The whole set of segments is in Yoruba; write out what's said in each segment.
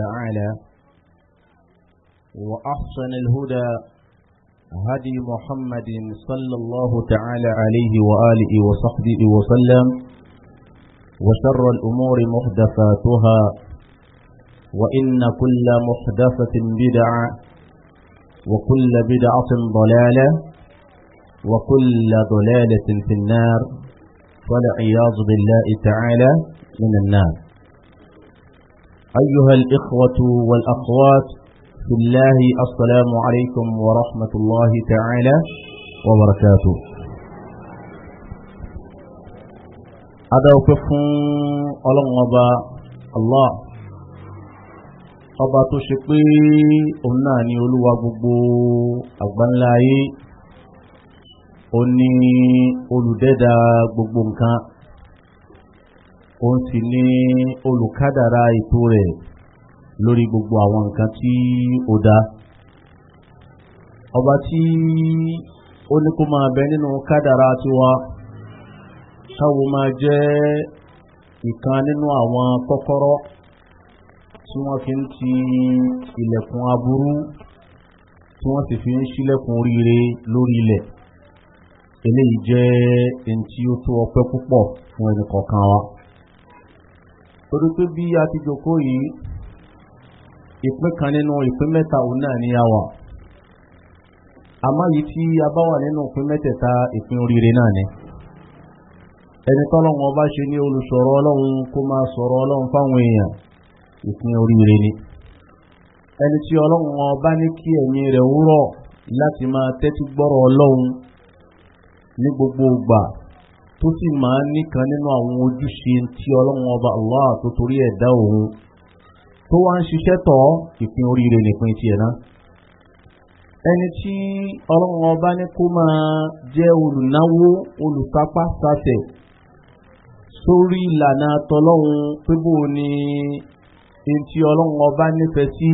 تعالى وأحسن الهدى هدي محمد صلى الله تعالى عليه وآله وصحبه وسلم وشر الأمور محدثاتها وإن كل محدثة بدعة وكل بدعة ضلالة وكل ضلالة في النار فالعياذ بالله تعالى من النار أيها الإخوة والأخوات في الله السلام عليكم ورحمة الله تعالى وبركاته هذا وكفون ألغبا الله ọba tó ṣe pé òun náà ni olúwa gbogbo àgbáńláyé ó ní olùdẹ́dà gbogbo nǹkan òun sì ni olùkádàrá ètò rẹ̀ lórí gbogbo àwọn nǹkan tí ó dá ọba tí ó ní kó máa bẹ nínú kádàrá tiwa káwo máa jẹ́ ìkan nínú àwọn kọ́kọ́rọ́ tí wọ́n fi ń ti ilẹ̀kùn aburú tí wọ́n sì fi ń ṣílẹ̀kùn ríire lórí ilẹ̀ eléyìí jẹ́ ẹni tí ó tó ọpẹ́ púpọ̀ fún ẹnì kọ̀ọ̀kan wa. torí pé bí a ti jòkó yìí ìpín kan nínú ìpín mẹ́ta òun náà ní àwà àmá yìí tí a bá wà nínú ìpín mẹ́tẹ̀ẹ̀ta ìpín oríire náà ni ẹni tọ́lọ́run ọba ṣe ní olùsọ̀rọ̀ ọlọ́run kó máa sọ̀rọ̀ ọlọ́run fáwọn èèyàn ìpín oríire ni ẹni tí ọba ní kí rẹ̀ láti máa tẹ́tí gbọ́rọ̀ ọlọ́run tó sì máa ń nìkan nínú àwọn ojúṣe tí ọlọ́run ọba Allah tó torí ẹ̀dá òun tó wá ń ṣiṣẹ́ tọ́ ìpín oríire nìpín tiẹ̀ náà ẹni tí ọlọ́run ọba ní kó máa jẹ́ olùnáwó olùsápá sáfẹ̀ sórí ìlànà tọlọ́run ni etí ọlọ́run ọba nífẹ̀ẹ́ sí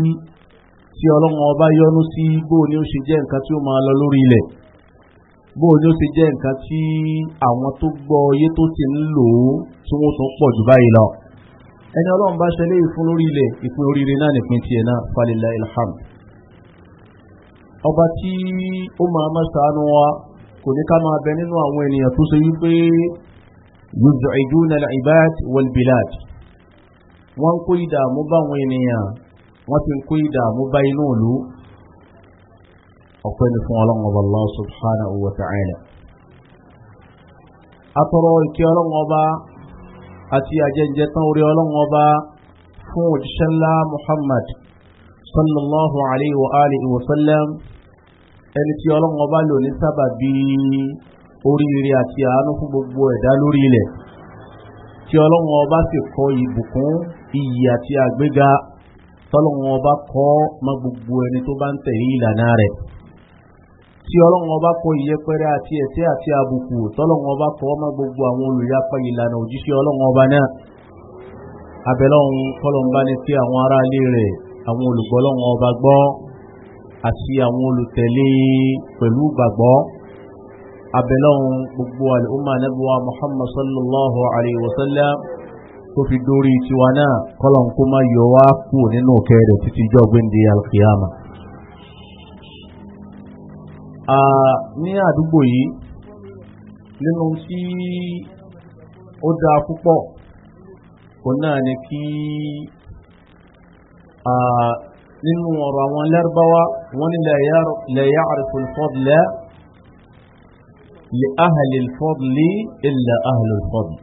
tí ọba sí bó ni ó ṣe jẹ́ nǹkan tí ó máa lọ lórí bóun ni ó ti jẹ́ nǹkan tí àwọn tó gbọ́ oyé tó ti ń lò ó tí wọ́n tún pọ̀ jù báyìí lọ. ẹni ọlọ́run bá ṣẹlẹ̀ ìfún lórí ilẹ̀ ìpín oríire náà nìpín tiẹ̀ náà falẹ̀lá ilham. ọba tí ó máa má sàánú wa kò ní ká máa bẹ nínú àwọn ènìyàn tó ṣe wípé yóò ìdú nàlẹ́ ibad wọlbilad. wọ́n ń kó ìdààmú bá àwọn ènìyàn wọ́n ti ń kó ìdààmú bá inú òlu ọpẹ́ ni fún ọlọ́run ọba allah subhanahu wa ta'ala atọrọ ìkẹ́ ọlọ́run ọba àti àjẹjẹ tán orí ọlọ́run ọba fún òjíṣẹ́ ńlá muhammad sallallahu alayhi wa alihi wa sallam ẹni tí ọlọ́run ọba lò ní sábà bí oríire àti àánú fún gbogbo ẹ̀dá lórí ilẹ̀ tí ọlọ́run ọba sì kọ ìbùkún iyì àti àgbéga tọ́lọ́run ọba kọ́ mọ́ gbogbo ẹni tó bá ń tẹ̀lé ìlànà rẹ̀ tí ọlọ́run ọba kọ ìyẹpẹrẹ àti ẹ̀tẹ́ àti àbùkù tọ́lọ́run ọba kọ ọmọ gbogbo àwọn olùyapa ìlànà òjíṣẹ́ ọlọ́run ọba náà abẹ́lọ́run kọlọ̀mbá ní pé àwọn ará ilé rẹ̀ àwọn olùgbọ́lọ́run ọba gbọ́ àti àwọn olùtẹ̀lé pẹ̀lú gbàgbọ́ abẹ́lọ́run gbogbo al'umma nẹ́bùwa muhammad sallallahu alaihi wasallam tó fi dórí tiwa náà kọlọ̀n kó má yọ wá kú nínú kẹrẹ̀ títí jọ́gbìn di alkiyama ní àdúgbò yìí nínú tí ó dáa púpọ̀ kò náà ni kí nínú ọ̀rọ̀ àwọn lẹ́rọ̀báwá wọ́n ní lẹ́yà àrùfún fọ́dlẹ́ lè áhàlì fọ́dlì ilẹ̀ áhàlì fọ́dlì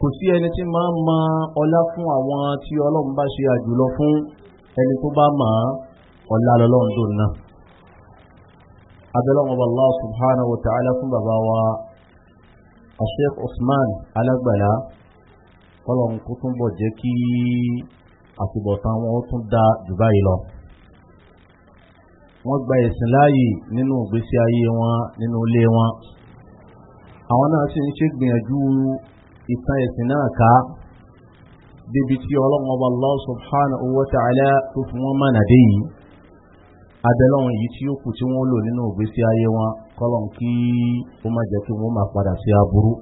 kò sí ẹni tí máa ń ma ọlá fún àwọn tí ọlọ́run bá ṣe àjùlọ fún ẹni tó bá máa ọlá lọ́lọ́run tó náà abẹ́lọ́wọ́ Allah subhanahu wa ta'ala fún bàbá wa Sheikh Usman Alágbàlá kọ́lọ̀n kó tún bọ̀ jẹ́ kí àtibọ̀tán wọn ó tún dá jù báyìí lọ wọ́n gba ẹ̀sìn láàyè nínú ìgbésí ayé wọn nínú ilé wọn àwọn náà sì ń ṣe gbìyànjú ìtàn ẹ̀sìn náà ká débi tí ọlọ́run ọba Allah subhanahu wa ta'ala tó fún wọn mọ̀nà dé yìí abẹ́lọ́run yìí tí ó kù tí wọ́n lò nínú ìgbésí ayé wọn kọ́lọ̀n kí ó má jẹ́ kí wọ́n máa padà sí aburú.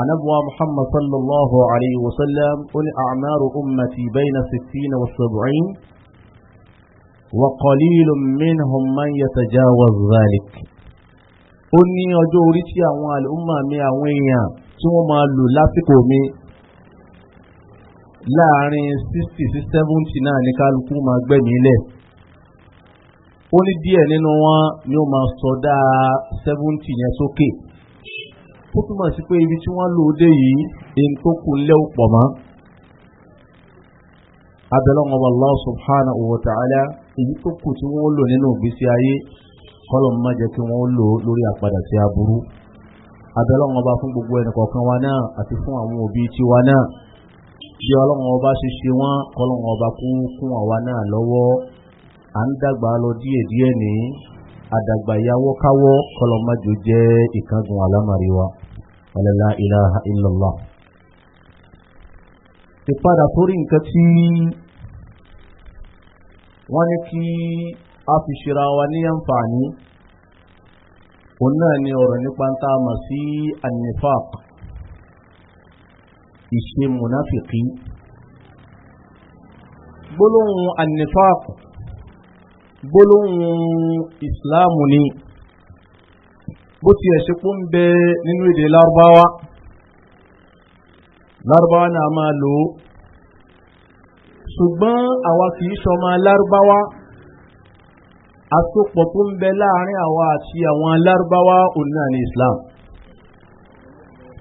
anabuwa muhammad sallallahu alayhi wa sallam ó ní àmàrò ummati bayna sittina wa sab'in wa qalilun minhum man yatajawaz zalik. ó ní ọjọ́ orí tí àwọn àlùmọ̀ mi àwọn èèyàn tí wọ́n máa lò lásìkò mi láàrin sixty sí seventy náà ní kálukú máa gbẹ̀mí lẹ̀. ó ní díẹ̀ nínú wọn ni ó máa sọdá seventy yẹn sókè ó túmọ̀ sí pé ibi tí wọ́n lò dé yìí èyí tó kù lẹ́ ma pọ̀ mọ́ abẹ́lọ́wọ́n wa Allah subhana wa ta'ala èyí tó kù tí wọ́n lò nínú ìgbésí ayé kọ́lọ̀ má jẹ́ kí wọ́n lò lórí àpadà sí aburú abẹ́lọ́wọ́n ọba fún gbogbo ẹnìkọ̀ọ̀kan wa náà àti fún àwọn òbí tí wa náà bí ọba ṣe ṣe ọba kún fún àwa à ń dàgbà lọ díẹ̀díẹ̀ ní àdàgbà yàwọ́ káwọ́ kọlọ́májò jẹ́ ìkángun alámàrí wa alẹ́lá ilaha illallah ìpadà torí nǹkan tí wọ́n ní kí a fi ṣera wa ní àǹfààní òun náà ni ọ̀rọ̀ nípa ń táàmà sí annifaq ìṣe munafiki gbólóhùn annifaq gbólóhùn ìsìláàmù ni bó ti ẹ̀ṣẹ́ pó ń bẹ nínú èdè lárúbáwá lárúbáwá náà máa lò ó ṣùgbọ́n àwa kì í ṣọmọ lárúbáwá àsopọ̀ tó ń bẹ láàrin àwa àti àwọn lárúbáwá òun ní islam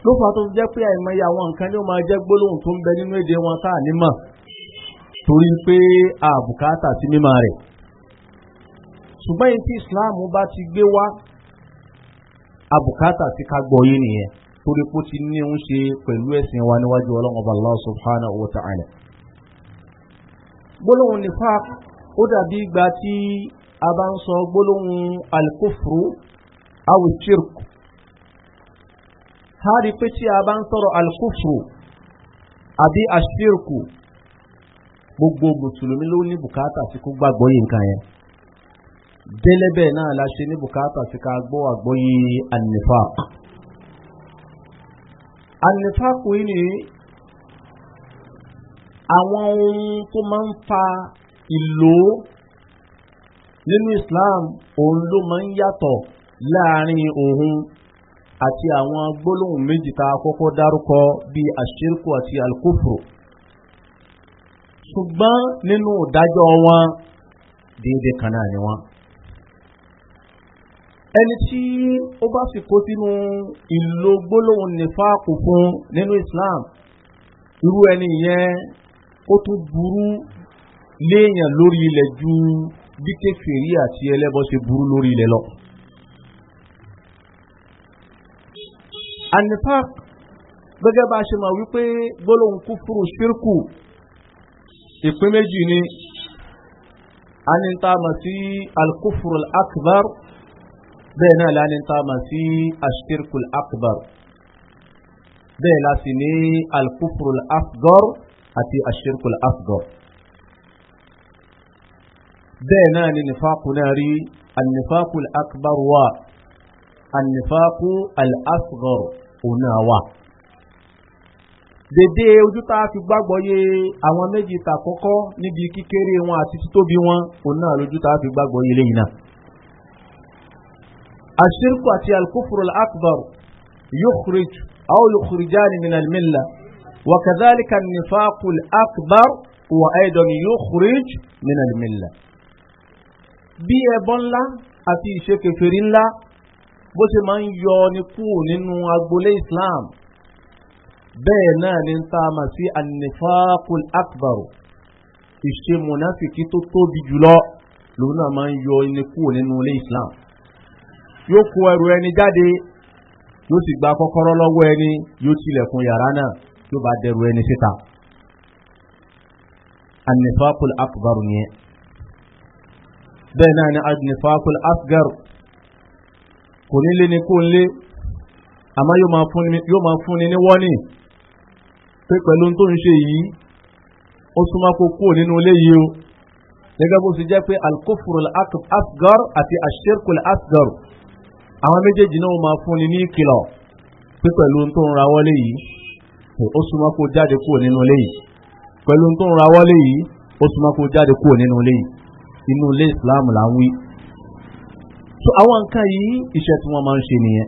ló fà tó jẹ́ pé àìmọye àwọn nǹkan ni ó máa jẹ́ gbólóhùn tó ń bẹ nínú èdè wọn káà nímọ̀ torí pé àbùkátà sí mímọ̀ rẹ̀ ṣùgbọ́n yìí tí islam bá ti gbé wá abùkátà sí ká gbọ́ yé nìyẹn torí pé ti ní ń ṣe pẹ̀lú ẹ̀sìn wa níwájú ọlọ́run ọba allah subhanahu wa ta'ala. gbólóhùn nifaq ó dàbí ìgbà tí a bá ń sọ gbólóhùn alkufru awishirk a rí pé tí a bá ń sọ̀rọ̀ alkufru àbí ashirku gbogbo mùsùlùmí ló ní bùkátà sí kó gbàgbọ́ yìí nǹkan yẹn délẹ́bẹ̀ náà la ṣe ní bùkátà sí ká gbọ́ àgbọ́yé anifaq anifaq yìí ni àwọn ohun tó máa ń fa ìlò nínú islam òun ló máa ń yàtọ̀ láàrin òun àti àwọn gbólóhùn méjì tá a kọ́kọ́ dárúkọ bíi àṣírkù àti alkufru ṣùgbọ́n nínú ìdájọ́ wọn déédéé kan náà ni wọ́n ẹni tí ó bá sì kó sínú ìlò gbólóhùn nífàkù fún nínú islam irú ẹni yẹn ó tún burú léèyàn lórí ilẹ̀ ju bí kékeré àti ẹlẹ́bọ ṣe burú lórí ilẹ̀ lọ. anifak gẹ́gẹ́ bá a ṣe máa wípé gbólóhùn kúfúrú ṣírkù ìpín méjì ni anita mọ̀ sí alkúfúrú akbar. Al bẹ́ẹ̀ náà láni ta mà sí ashirkul akbar bẹ́ẹ̀ la sì ní alkufrul afgor àti ashirkul afgor bẹ́ẹ̀ náà ni nifaaku náà rí alnifaaku akbar wa alnifaaku alafgor ònà wa dèdè ojú tá a fi gbàgbọ́ yé àwọn méjì tàkọ́kọ́ níbi kíkéré wọn àti títóbi wọn òun lójú tá a fi gbàgbọ́ yé lẹ́yìn náà àṣírkù àti alkufru al-akbar yukhrij aw yukhrijani min al-milla wa kadhalika an-nifaqu al-akbar wa aidan yukhrij min al-milla. bí ẹbọ ńlá àti ìṣekèfèrí ńlá bó ṣe máa ń yọ ni kúrò nínú agboolé islam bẹ́ẹ̀ náà ni ń ta mà sí an-nifaqu al-akbar ìṣe mùnáfìkì tó tóbi jùlọ lòun náà máa ń yọ ni kúrò nínú ilé islam yóò kó ẹrù ẹni jáde yóò sì gba kọ́kọ́rọ́ lọ́wọ́ ẹni yóò tilẹ̀kùn yàrá náà yóò bá dẹrù ẹni síta. anifakul akbar yẹn bẹ́ẹ̀ náà ni anifakul asgar kò ní lé ní kó ń lé àmọ́ yóò máa fúnni ní wọ́nì pé pẹ̀lú tó ń ṣe yìí ó súnmọ́ kó kúrò nínú ilé yìí o gẹ́gẹ́ bó ṣe jẹ́ pé alkofurul asgar àti ashirkul asgar àwọn méjèèjì náà máa fúnni ní ìkìlọ̀ pé pẹ̀lú tó ń ra wọlé yìí ó súnmọ́ kó jáde kúrò nínú ilé yìí pẹ̀lú tó ń ra wọlé yìí ó súnmọ́ kó jáde kúrò nínú ilé yìí inú ilé Islam là ń wí. so àwọn nǹkan yìí iṣẹ́ tí wọ́n máa ń ṣe nìyẹn.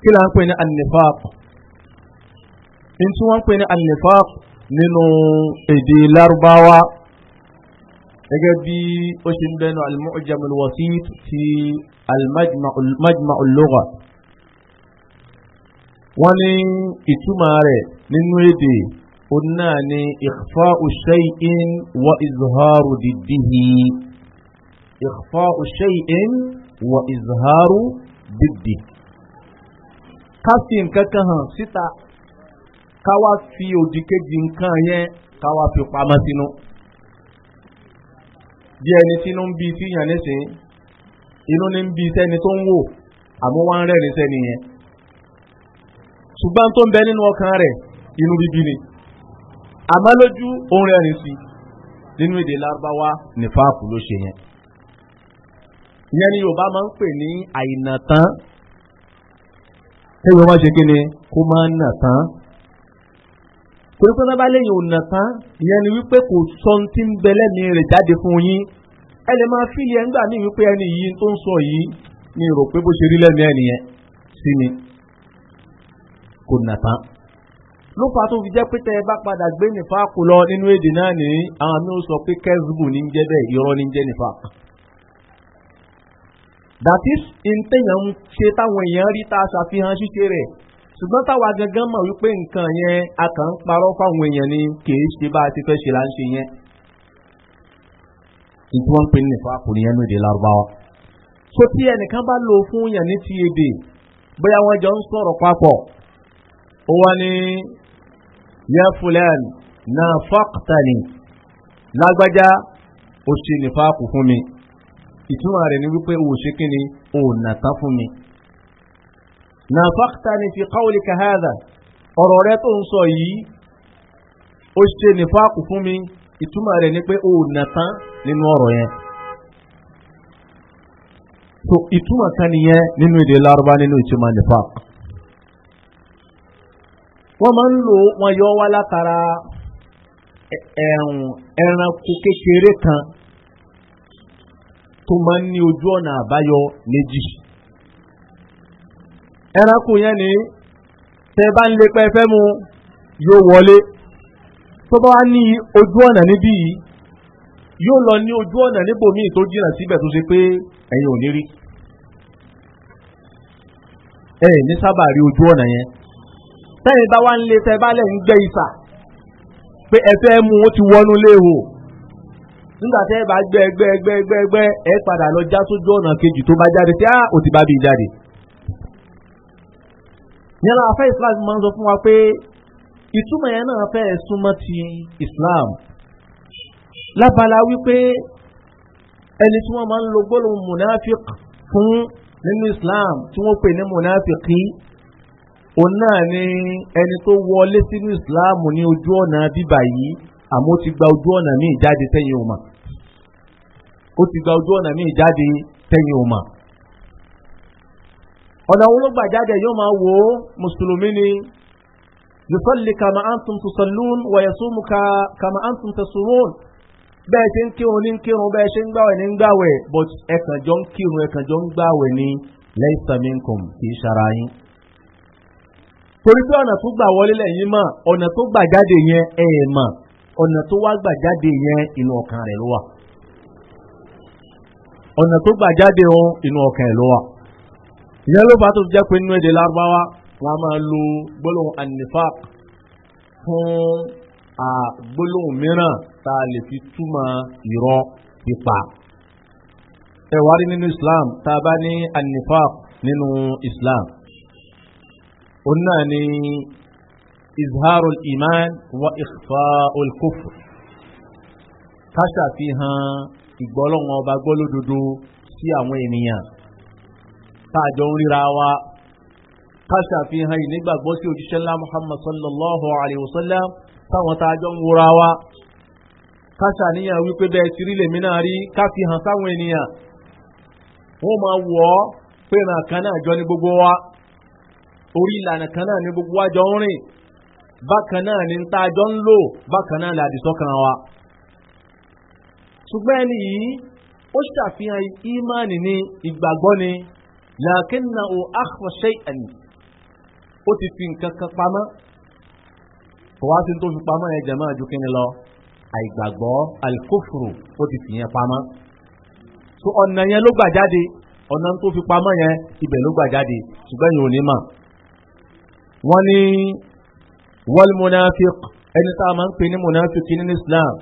kí ló ń pè ní anifaq ní tí wọ́n ń pè ní anifaq nínú èdè Lárúbáwá gẹ́gẹ́ bí ó ṣe ń bẹnu al-Mu'jam al-Wasit ti al-Majma' al-Lugha wọ́n ní ìtumọ̀ rẹ̀ nínú èdè òun náà ni ikhfa'u shay'in wa izharu diddihi ikhfa'u shay'in wa izharu diddihi ká fi nǹkan kan hàn síta ká wá fi òdìkejì nǹkan yẹn ká fi pamọ́ sínú bí ẹni tí inú ń bi sí yàn nísìn inú ní ń bi sẹ́ni tó ń wò àmọ́ wá ń rẹ́rìn sẹ́ni yẹn ṣùgbọ́n tó ń bẹ nínú ọkàn rẹ̀ inú bíbí ni àmọ́ lójú òun rẹ́rìn sí nínú èdè lárúbáwá nífàkù ló ṣe yẹn ìyẹn ni yorùbá máa ń pè ní àìnàtán ẹ̀rọ máa ṣe kí ni kó máa nà tán torí pé bábá lẹ́yìn ọ̀nà tán ìyẹn ni wípé kò sọ ohun tí ń bẹ lẹ́mìí rẹ̀ jáde fún yín ẹ lè máa fílì ẹ ńgbà míì wípé ẹni yìí tó ń sọ yìí ni rò pé bó ṣe rí lẹ́nu ẹ nìyẹn sí ni kò nà tán ló fà tó fi jẹ́ pé tẹ́ ẹ bá padà gbé nìfà kù lọ nínú èdè náà ní àwọn mi sọ pé kẹ́sìbù ní jẹ́ bẹ́ẹ̀ irọ́ ní jẹ́ nìfà. that is ntẹ̀yàn ń ṣe táwọn èèyàn rí tá a ṣàfihàn ṣíṣe rẹ̀ ṣùgbọ́n táwa gangan mọ̀ wípé nǹkan yẹn a kàn ń parọ́ fáwọn èèyàn ni kìí ṣe bá a ti fẹ́ ṣe là ń ṣe yẹn. ìtú wọn pe nìfọ àkùnrin yẹn lóde lárúbáwá. so tí ẹnìkan bá lò fún yàn ní ti èdè bóyá wọn jọ ń sọ̀rọ̀ papọ̀ ó wá ní yẹ náà fọ́ọ̀tàlì lágbájá ó ṣe nìfọ àkù fún mi ìtumọ̀ rẹ̀ ni wípé òṣèkínni ò nàtán fún mi nafaktani fi qawlika hadha ọ̀rọ̀ rẹ tó ń sọ yìí ó ṣe nífàkù fún mi ìtumọ̀ rẹ̀ ni pé o ò nà tán nínú ọ̀rọ̀ yẹn. so ìtumọ̀ kan nìyẹn nínú èdè lárúbá nínú ìtumọ̀ nífàkù. wọ́n máa ń lò wọ́n yọ wá látara ẹranko kékeré kan tó máa ń ní ojú ọ̀nà àbáyọ méjì. ẹranko yẹn ni tẹ bá ń lépa ẹfẹ́ mu yóò wọlé tó bá wá ní ojú ọ̀nà níbí yìí yóò lọ ní ojú ọ̀nà níbòmíì tó jìnnà síbẹ̀ tó ṣe pé ẹ̀yin ò ní rí ẹ ní sábà rí ojú ọ̀nà yẹn tẹ́yìn bá wá ń lé tẹ́ bá lẹ̀ gbẹ́ ìsà pé ẹ fẹ́ ó ti wọnú léèwò nígbà tẹ́ bá gbẹ́ gbẹ́ gbẹ́ gbẹ́ gbẹ́ padà lọ já sójú ọ̀nà kejì tó bá jáde tí á ò ti bá bí jáde. yẹn afẹ́ islam máa ń sọ fún wa pé ìtumọ̀ yẹn náà fẹ́ súnmọ́ ti islam lábala wípé ẹni tí wọ́n máa ń lo gbólóhùn munafik fún nínú islam tí wọ́n pè ní munafiki òun náà ni ẹni tó wọlé sínú islam ní ojú ọ̀nà bíbà yìí àmọ́ ó ti gba ojú ọ̀nà míì jáde tẹ́yìn òmà ó ti gba ojú ọ̀nà míì jáde tẹ́yìn òmà ọ̀nà wo ló gbà jáde yóò máa wò ó mùsùlùmí ni yusalli kama antum tusallun wa yasumu ka kama antum tasurun bẹ́ẹ̀ ṣe ń kírun ní kírun bẹ́ẹ̀ ṣe ń gbàwẹ̀ ní gbàwẹ̀ but ẹ̀kàn jọ ń kírun ẹ̀kàn jọ ń gbàwẹ̀ ní lẹ́yìn sàmínkùn kì í ṣara yín torí pé ọ̀nà tó gbà wọlé lẹ́yìn mọ̀ ọ̀nà tó gbà jáde yẹn ẹ̀ mọ̀ ọ̀nà tó wá gbà jáde yẹn inú ọkàn rẹ̀ ló wà ọ̀nà tó gbà jáde wọn inú ọkàn rẹ̀ ló wà ìyẹn ló bá tó jẹ́ pé nínú èdè lárúbáwá wọn a máa lo gbólóhùn anifaq fún gbólóhùn mìíràn tá a lè fi túmọ̀ irọ́ pípa ẹ̀wá rí nínú islam tá a bá ní anifaq nínú islam òun náà ni izharul iman wa ikhfaul kufr ká ṣàfihàn ìgbọ́lọ́wọ́n ọba gbọ́lódodo sí àwọn ènìyàn. táàjọ ń ríra wa ká ṣàfihàn ìnígbàgbọ́ sí òjíṣẹ́ ńlá muhammad sallallahu alayhi wa sallam táwọn táàjọ ń wúra wa ká ṣàníyàn wípé bẹ́ẹ̀ ti rí lèmi náà rí fi sáwọn ènìyàn wọ́n máa wọ̀ ọ́ pé ìrìn jọ ní gbogbo wa orí ìlànà kan náà ní gbogbo wa jọ ń rìn bákan náà ní ń lò bákan náà wa ṣùgbọ́n ẹni yìí ó ṣàfihàn làákínà ò àkọ́ ṣe ẹ̀yìn ó ti fi nǹkan kan pamọ́ kò wá sí tó fi pamọ́ yẹn jẹ̀ máa ju kíni lọ àìgbàgbọ́ alikófòrò ó ti fi yẹn pamọ́ so ọ̀nà yẹn ló gbà jáde ọ̀nà tó fi pamọ́ yẹn ibẹ̀ ló gbà jáde ṣùgbọ́n yìí ò ní mà wọ́n ní wal munafiq ẹni tá a máa ń pè ní munafiq nínú islam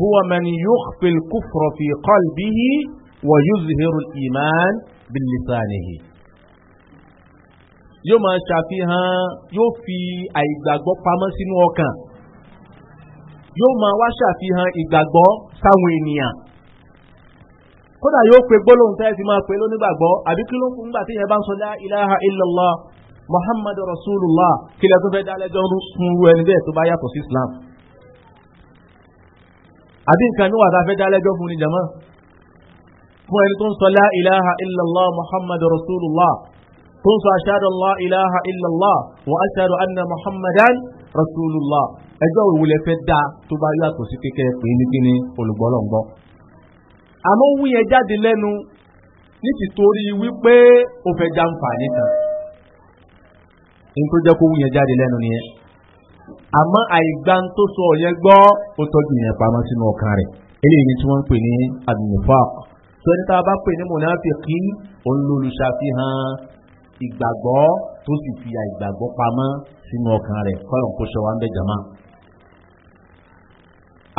huwa man yukhfil kufra fi qalbihi wa yuzhiru al-iman bilisanihi yóò máa ṣàfihàn yóò fi àìgbàgbọ́ pamọ́ sínú ọkàn yóò máa wá ṣàfihàn ìgbàgbọ́ sáwọn ènìyàn kódà yóò pe gbólóhùn tẹ́ẹ̀ fi máa pe lónígbàgbọ́ àbí kí ló ń fún gbà tí yẹn bá ń sọ ilaha illallah muhammadu rasulullah kí lẹ́tọ́ fẹ́ sun ru ẹni bẹ́ẹ̀ tó bá yàtọ̀ sí islam àbí nǹkan ní wàdà fẹ́ jama fún ẹni tó ń sọ la ilaha illallah muhammadu rasulullah tó ń sọ ashadu la ilaha illallah wa ashadu anna muhammadan rasulullah ẹjọ́ ìwúlẹ̀ fẹ́ dá tó bá yàtọ̀ sí kékeré pé ní kíni olùgbọ́lọ́ngbọ́. àmọ́ wú yẹn jáde lẹ́nu ní tìtorí wípé ó fẹ́ já nfààní kan. nítorí jẹ́ kó wú yẹn jáde lẹ́nu nìyẹn. àmọ́ àìgbá tó sọ yẹn gbọ́ ó tọ́jú yẹn pamọ́ sínú ọkàn rẹ̀ eléyìí ni tí wọ́n ń pè ní àdùnnìfọ́ àkọ́ tó ẹni tá a bá pè ní mùnáfíkì òun lolùṣàfihàn ìgbàgbọ́ tó sì fi àìgbàgbọ́ pamọ́ sínú ọkàn rẹ̀ kọ́lọ̀ kó ṣe wá ń bẹ jama.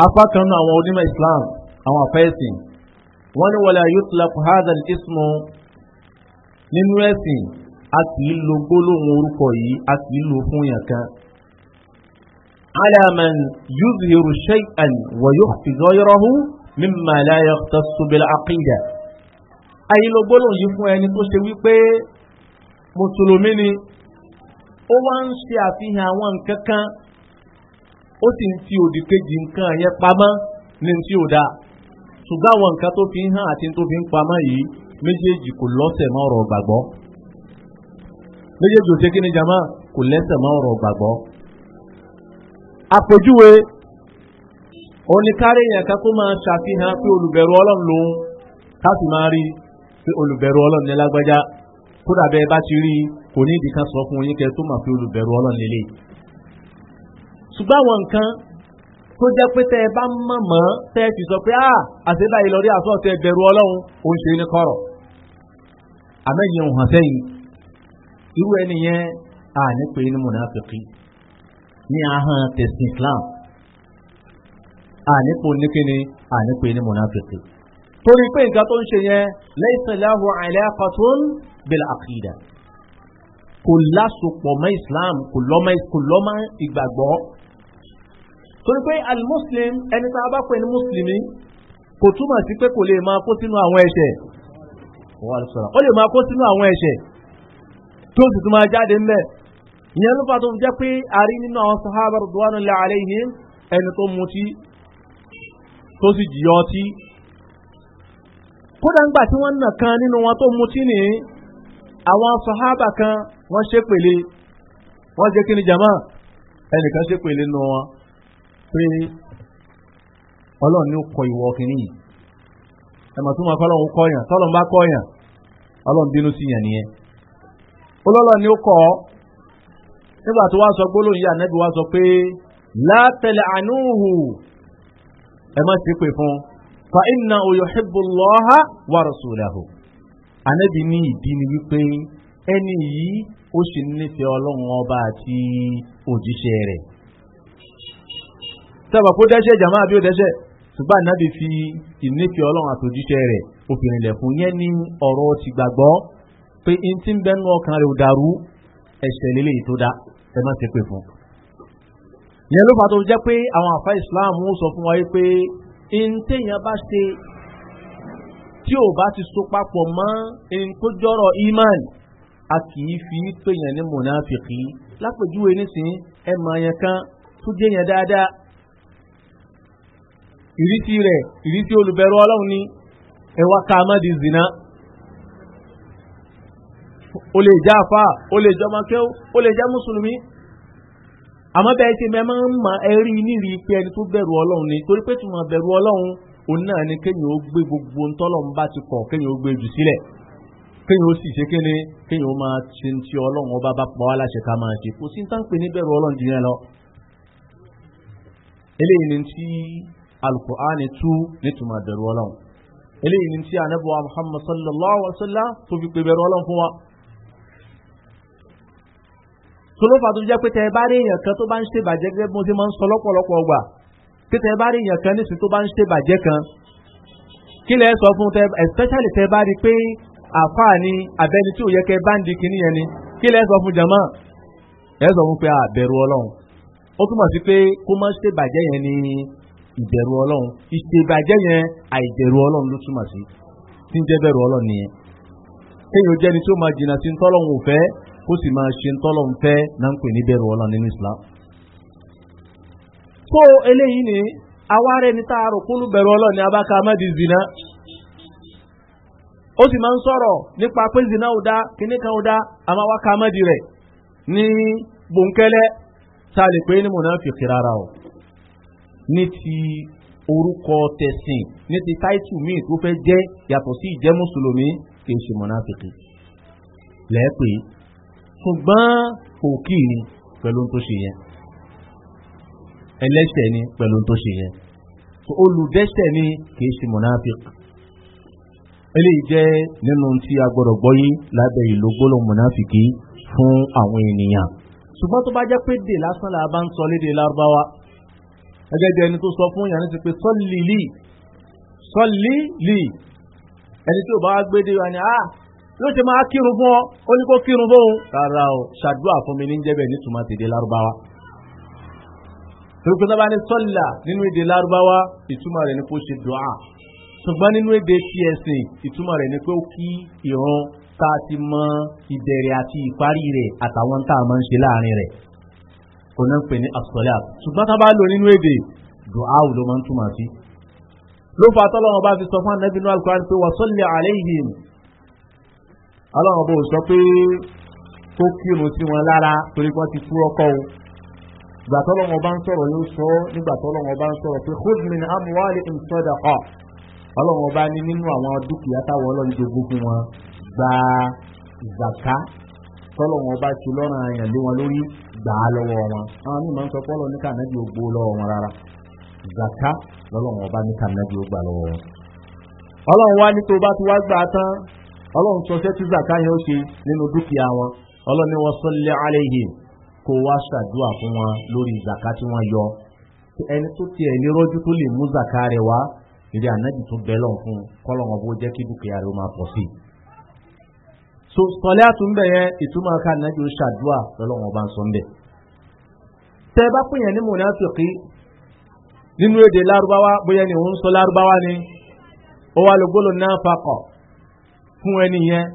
apá kan àwọn onímọ̀ islam àwọn afẹ́sìn wọ́n ní wala yutlaq hadha ismu nínú ẹ̀sìn a kì í lo gbólóhùn orúkọ yìí a kì í lo fún yàn kan. ala man yuzhiru shay'an wa yukhfi ghayrahu mimma la yaqtasu bil aqida ayé ló gbólóhùn yìí fún ẹni tó ṣe wípé mùsùlùmí ni ó wá ń ṣe àfihàn àwọn nǹkan kan ó sì ń fi òdì kejì nǹkan yẹn pamọ́ ní ti ò dáa ṣùgbọ́n àwọn nǹkan tó fi ń hàn àti tó fi ń pamọ́ yìí méjèèjì kò lọ́sẹ̀ mọ́ ọ̀rọ̀ gbàgbọ́ méjèèjì ò ṣe kí ni jama kò lẹ́sẹ̀ mọ́ ọ̀rọ̀ gbàgbọ́ àpèjúwe ó ní kárí èèyàn kan kó máa ṣàfihàn pé olùbẹ̀rù ọlọ́run lòun ká sì máa rí pé olùbẹ̀rù ọlọ́run ní lágbájá kódà bẹ́ẹ̀ bá ti rí i kò ní ìdí kan sọ fún yín kẹ́ tó mà pé olùbẹ̀rù ọlọ́run lélẹ̀. ṣùgbọ́n àwọn nǹkan tó jẹ́ pé tẹ́ ẹ bá mọ̀ mọ́ tẹ́ ẹ sì sọ pé a ah, àti báyìí lọ rí àtúntẹ̀ bẹ̀rù ọlọ́run ó ń ṣe ní kọ̀rọ̀ àmẹ́yìn òun hàn sẹ́yìn irú ẹni yẹn à ní pé ní mùnàfíkì ní ahọ́n tẹ̀sìn Islam ànípò ní kíni ànípò ní mọ̀nàfẹ́fẹ́ torí pé nǹkan tó ń ṣe yẹn lẹ́sẹ̀láhùn àìlẹ́kọ̀ọ́ tó ń bẹ̀rẹ̀ àkìdá kò lásopọ̀ mọ́ islam kò lọ́mọ́ ìgbàgbọ́ torí pé alimuslim ẹni tá a bá pè ní muslimi kò túmọ̀ sí pé kò lè máa kó sínú àwọn ẹ̀ṣẹ̀ ó lè máa kó sínú àwọn ẹ̀ṣẹ̀ tó sì tún máa jáde ńlẹ̀ ìyẹn ló fà tó jẹ́ pé a nínú àwọn sahaba rẹ̀ lẹ́ àlẹ́ yìí ẹni tó mutí tó sì jì ọtí kódà ńgbà tí wọ́n nà kan nínú wọn tó mutí ní àwọn sàhábà kan wọ́n ṣe pèlè wọ́n jẹ́ kí ni jama ẹnìkan ṣe pèlè nù wọn pé ọlọ́run ní kọ ìwọ kìíní yìí ẹ̀mọ̀ tó máa fọlọ́run kọ́yàn tọ́lọ́run bá kọ́yàn ọlọ́run bínú sí yàn nìyẹn olọ́lọ́ ni kọ́ nígbà tó wá sọ gbólóhùn yìí ànẹ́bí wá sọ pé látẹ̀lẹ̀ ànúhù ẹ ma sì pè fún fa iná oyòhìbù wà rọ̀sùlẹ̀hù anábì ní ìdí ni wípé ẹni yìí ó sì nífẹ̀ẹ́ ọlọ́run ọba àti òjíṣẹ́ rẹ̀ sábà kó dẹ́ṣẹ̀ jàmá àbí ó fi ìnífẹ̀ẹ́ ọlọ́run àti òjíṣẹ́ rẹ̀ obìnrin lẹ̀ fún yẹn ní ọ̀rọ̀ ti gbàgbọ́ pé ń ọkàn ìyẹn ló fà tó jẹ́ pé àwọn àfa islam ń sọ fún wa pé ntẹ̀yìn bá ṣe tí ò bá ti so papọ̀ mọ́ ntójọ́rọ̀ iman a kì í fi péyàn ní mọ̀nàfìkì lápèjúwe nísìnyí ẹ mọ̀ yẹn kan tó jẹ́ yẹn dáadáa ìrísí rẹ̀ ìrísí olùbẹ̀rù ọlọ́run ni ẹ wá zina o lè jẹ́ àfa o lè jẹ́ ọmọkẹ́wò o lè jẹ́ mùsùlùmí àmọ́ bẹ́ẹ̀ ṣe mẹ́mọ́ ń mọ ẹrí níri pé ẹni tó bẹ̀rù ọlọ́run ni torí pé tí mo bẹ̀rù ọlọ́run òun náà ni kéèyàn ó gbé gbogbo ntọ́lọ́run bá ti kọ̀ kéèyàn ó gbé jù sílẹ̀ kéèyàn ó sì ṣe kéne kéèyàn ó máa ṣe ti ọlọ́run ọba bá pa wá láṣẹ ká máa ṣe kò sí ní táǹpé ní bẹ̀rù ọlọ́run jù lọ. eléyìí ni ti alukur'ani tú nítumọ̀ bẹ̀rù ọlọ́run eléyìí ni ti anabuwa muhammad sallallahu alaihi wa sallam tó fi pè sọlọ́fà tó jẹ́ pé tẹ́ ẹ bá rí èèyàn kan tó bá ń ṣe bàjẹ́ gẹ́gẹ́ bó ṣe máa ń sọ lọ́pọ̀lọpọ̀ ọgbà pé tẹ́ ẹ bá rí èèyàn kan nísìnyí tó bá ń ṣe bàjẹ́ kan kí lẹ́ sọ fún tẹ́ especially tẹ́ bá rí pé àfáà ni abẹ́ni tí ò yẹ kẹ́ báńdì kìíní yẹn ni kí lẹ́ sọ fún jama ẹ sọ fún pé àbẹ̀rù ọlọ́run ó túmọ̀ sí pé kó má ṣe bàjẹ́ yẹn ni ìbẹ̀rù ọlọ́run ìṣèbàjẹ́ yẹn àìbẹ̀rù ọlọ́run ló túmọ̀ sí tí ń jẹ́ bẹ̀rù ọlọ́run nìyẹn kéèyàn jẹ́ni tí ó máa jìnnà sí ń tọ́lọ́run ò kó sì máa ṣe ń tọ́lọ̀ ń fẹ́ náà ń pè ní bẹ̀rù ọlọ́run nínú islam. eléyìí ni awárẹ̀ ní amadi zina ó sì máa ń sọ̀rọ̀ nípa pé zina ò dá kíní kan ò dá àmọ́ amadi rẹ̀ ní bòńkẹ́lẹ́ tá a lè pè é o ní ti orúkọ tẹ̀sìn ní ti táìtù míì tó fẹ́ jẹ́ yàtọ̀ sí ìjẹ́ mùsùlùmí kì í ṣe ṣùgbọ́n òkì ni pẹ̀lú tó ṣe yẹn ẹlẹ́ṣẹ̀ ni pẹ̀lú tó ṣe yẹn olùdẹ́ṣẹ̀ ni kìí ṣe monafik eléyìí jẹ́ nínú tí a gbọ́dọ̀ gbọ́ lábẹ́ ìlú gbólóhùn monafiki fún àwọn ènìyàn ṣùgbọ́n tó bá jẹ́ pé dè lásán là bá ń sọ léde lárúbáwá gẹ́gẹ́ bí ẹni tó sọ fún yàrá ti pé sọ́ọ̀lì lì ẹni tí ò bá gbé dé wa ni ah ló ṣe máa kírun fún ọ ó ní kó kírun fún òun. rárá o ṣàdúrà fún mi ní jẹ́bẹ̀ nítumọ̀ tèdè lárúbáwá. torí pé sábà ní sọ́là nínú èdè lárúbáwá ìtumọ̀ rẹ̀ ni kó ṣe dùá. ṣùgbọ́n nínú èdè tí ẹ̀sìn ìtumọ̀ rẹ̀ ni pé ó kí ìran tá a ti mọ ìbẹ̀rẹ̀ àti ìparí rẹ̀ àtàwọn tá a máa ń ṣe láàrin rẹ̀. kò náà pè ní asọ́là ṣùgbọ́n tá a bá lò nínú èdè ló máa tọ́lọ́wọ́n bá fi sọ fún anábìnú alukóran pé wàá sọ́lẹ̀ àlẹ́ yìí ọlọ́run bó sọ pé kó kírun sí wọn lára torí wọn ti kú ọkọ o ìgbà tó lọ́wọ́ bá ń sọ̀rọ̀ yóò sọ nígbà tó lọ́wọ́ bá ń sọ̀rọ̀ pé hudmin amuwali nsọ́dà ọ̀ ọlọ́run bá ní nínú àwọn dúkìá táwọn ọlọ́run jogún fún wọn gba zaka tọ́lọ́wọ́n bá ti lọ́rùn àyàn lé wọn lórí gbà á lọ́wọ́ wọn àwọn mímọ́ ń sọ fọ́lọ́ ní kànáàbí ògbó lọ́wọ́ wọn rárá zaka lọ́lọ́wọ́n bá ní kànáàbí ògbà lọ́wọ́ wọn. ọlọ́run wá ní tó bá ti wá gbà tán ọlọ́run tó ṣẹ́ tí zaka yẹn ó ṣe nínú dúkìá wọn ọlọ́run ni wọ́n sọ́lẹ̀ aláìhìn kó wá ṣàdúrà fún wọn lórí zaka tí wọ́n yọ ẹni tó tiẹ̀ ní rọ́jú tó lè mú zaka rẹ̀ wá ìdí ànájì tó bẹ́ lọ́n fún kọ́lọ́run bó jẹ́ kí dúkìá rẹ̀ ó máa pọ̀ sí i. so sọlẹ́ àtúnbẹ̀ yẹn ìtumọ̀ ká ànájì ó ṣàdúrà lọ́lọ́run ọba ń sọ ńbẹ̀. tẹ bá pè yẹn ní mùnáfíkì nínú èdè lárúbáwá bóyá ni òun sọ lárúbáwá ni ó wà lógbóló náà fakọ̀ fún ẹni yẹn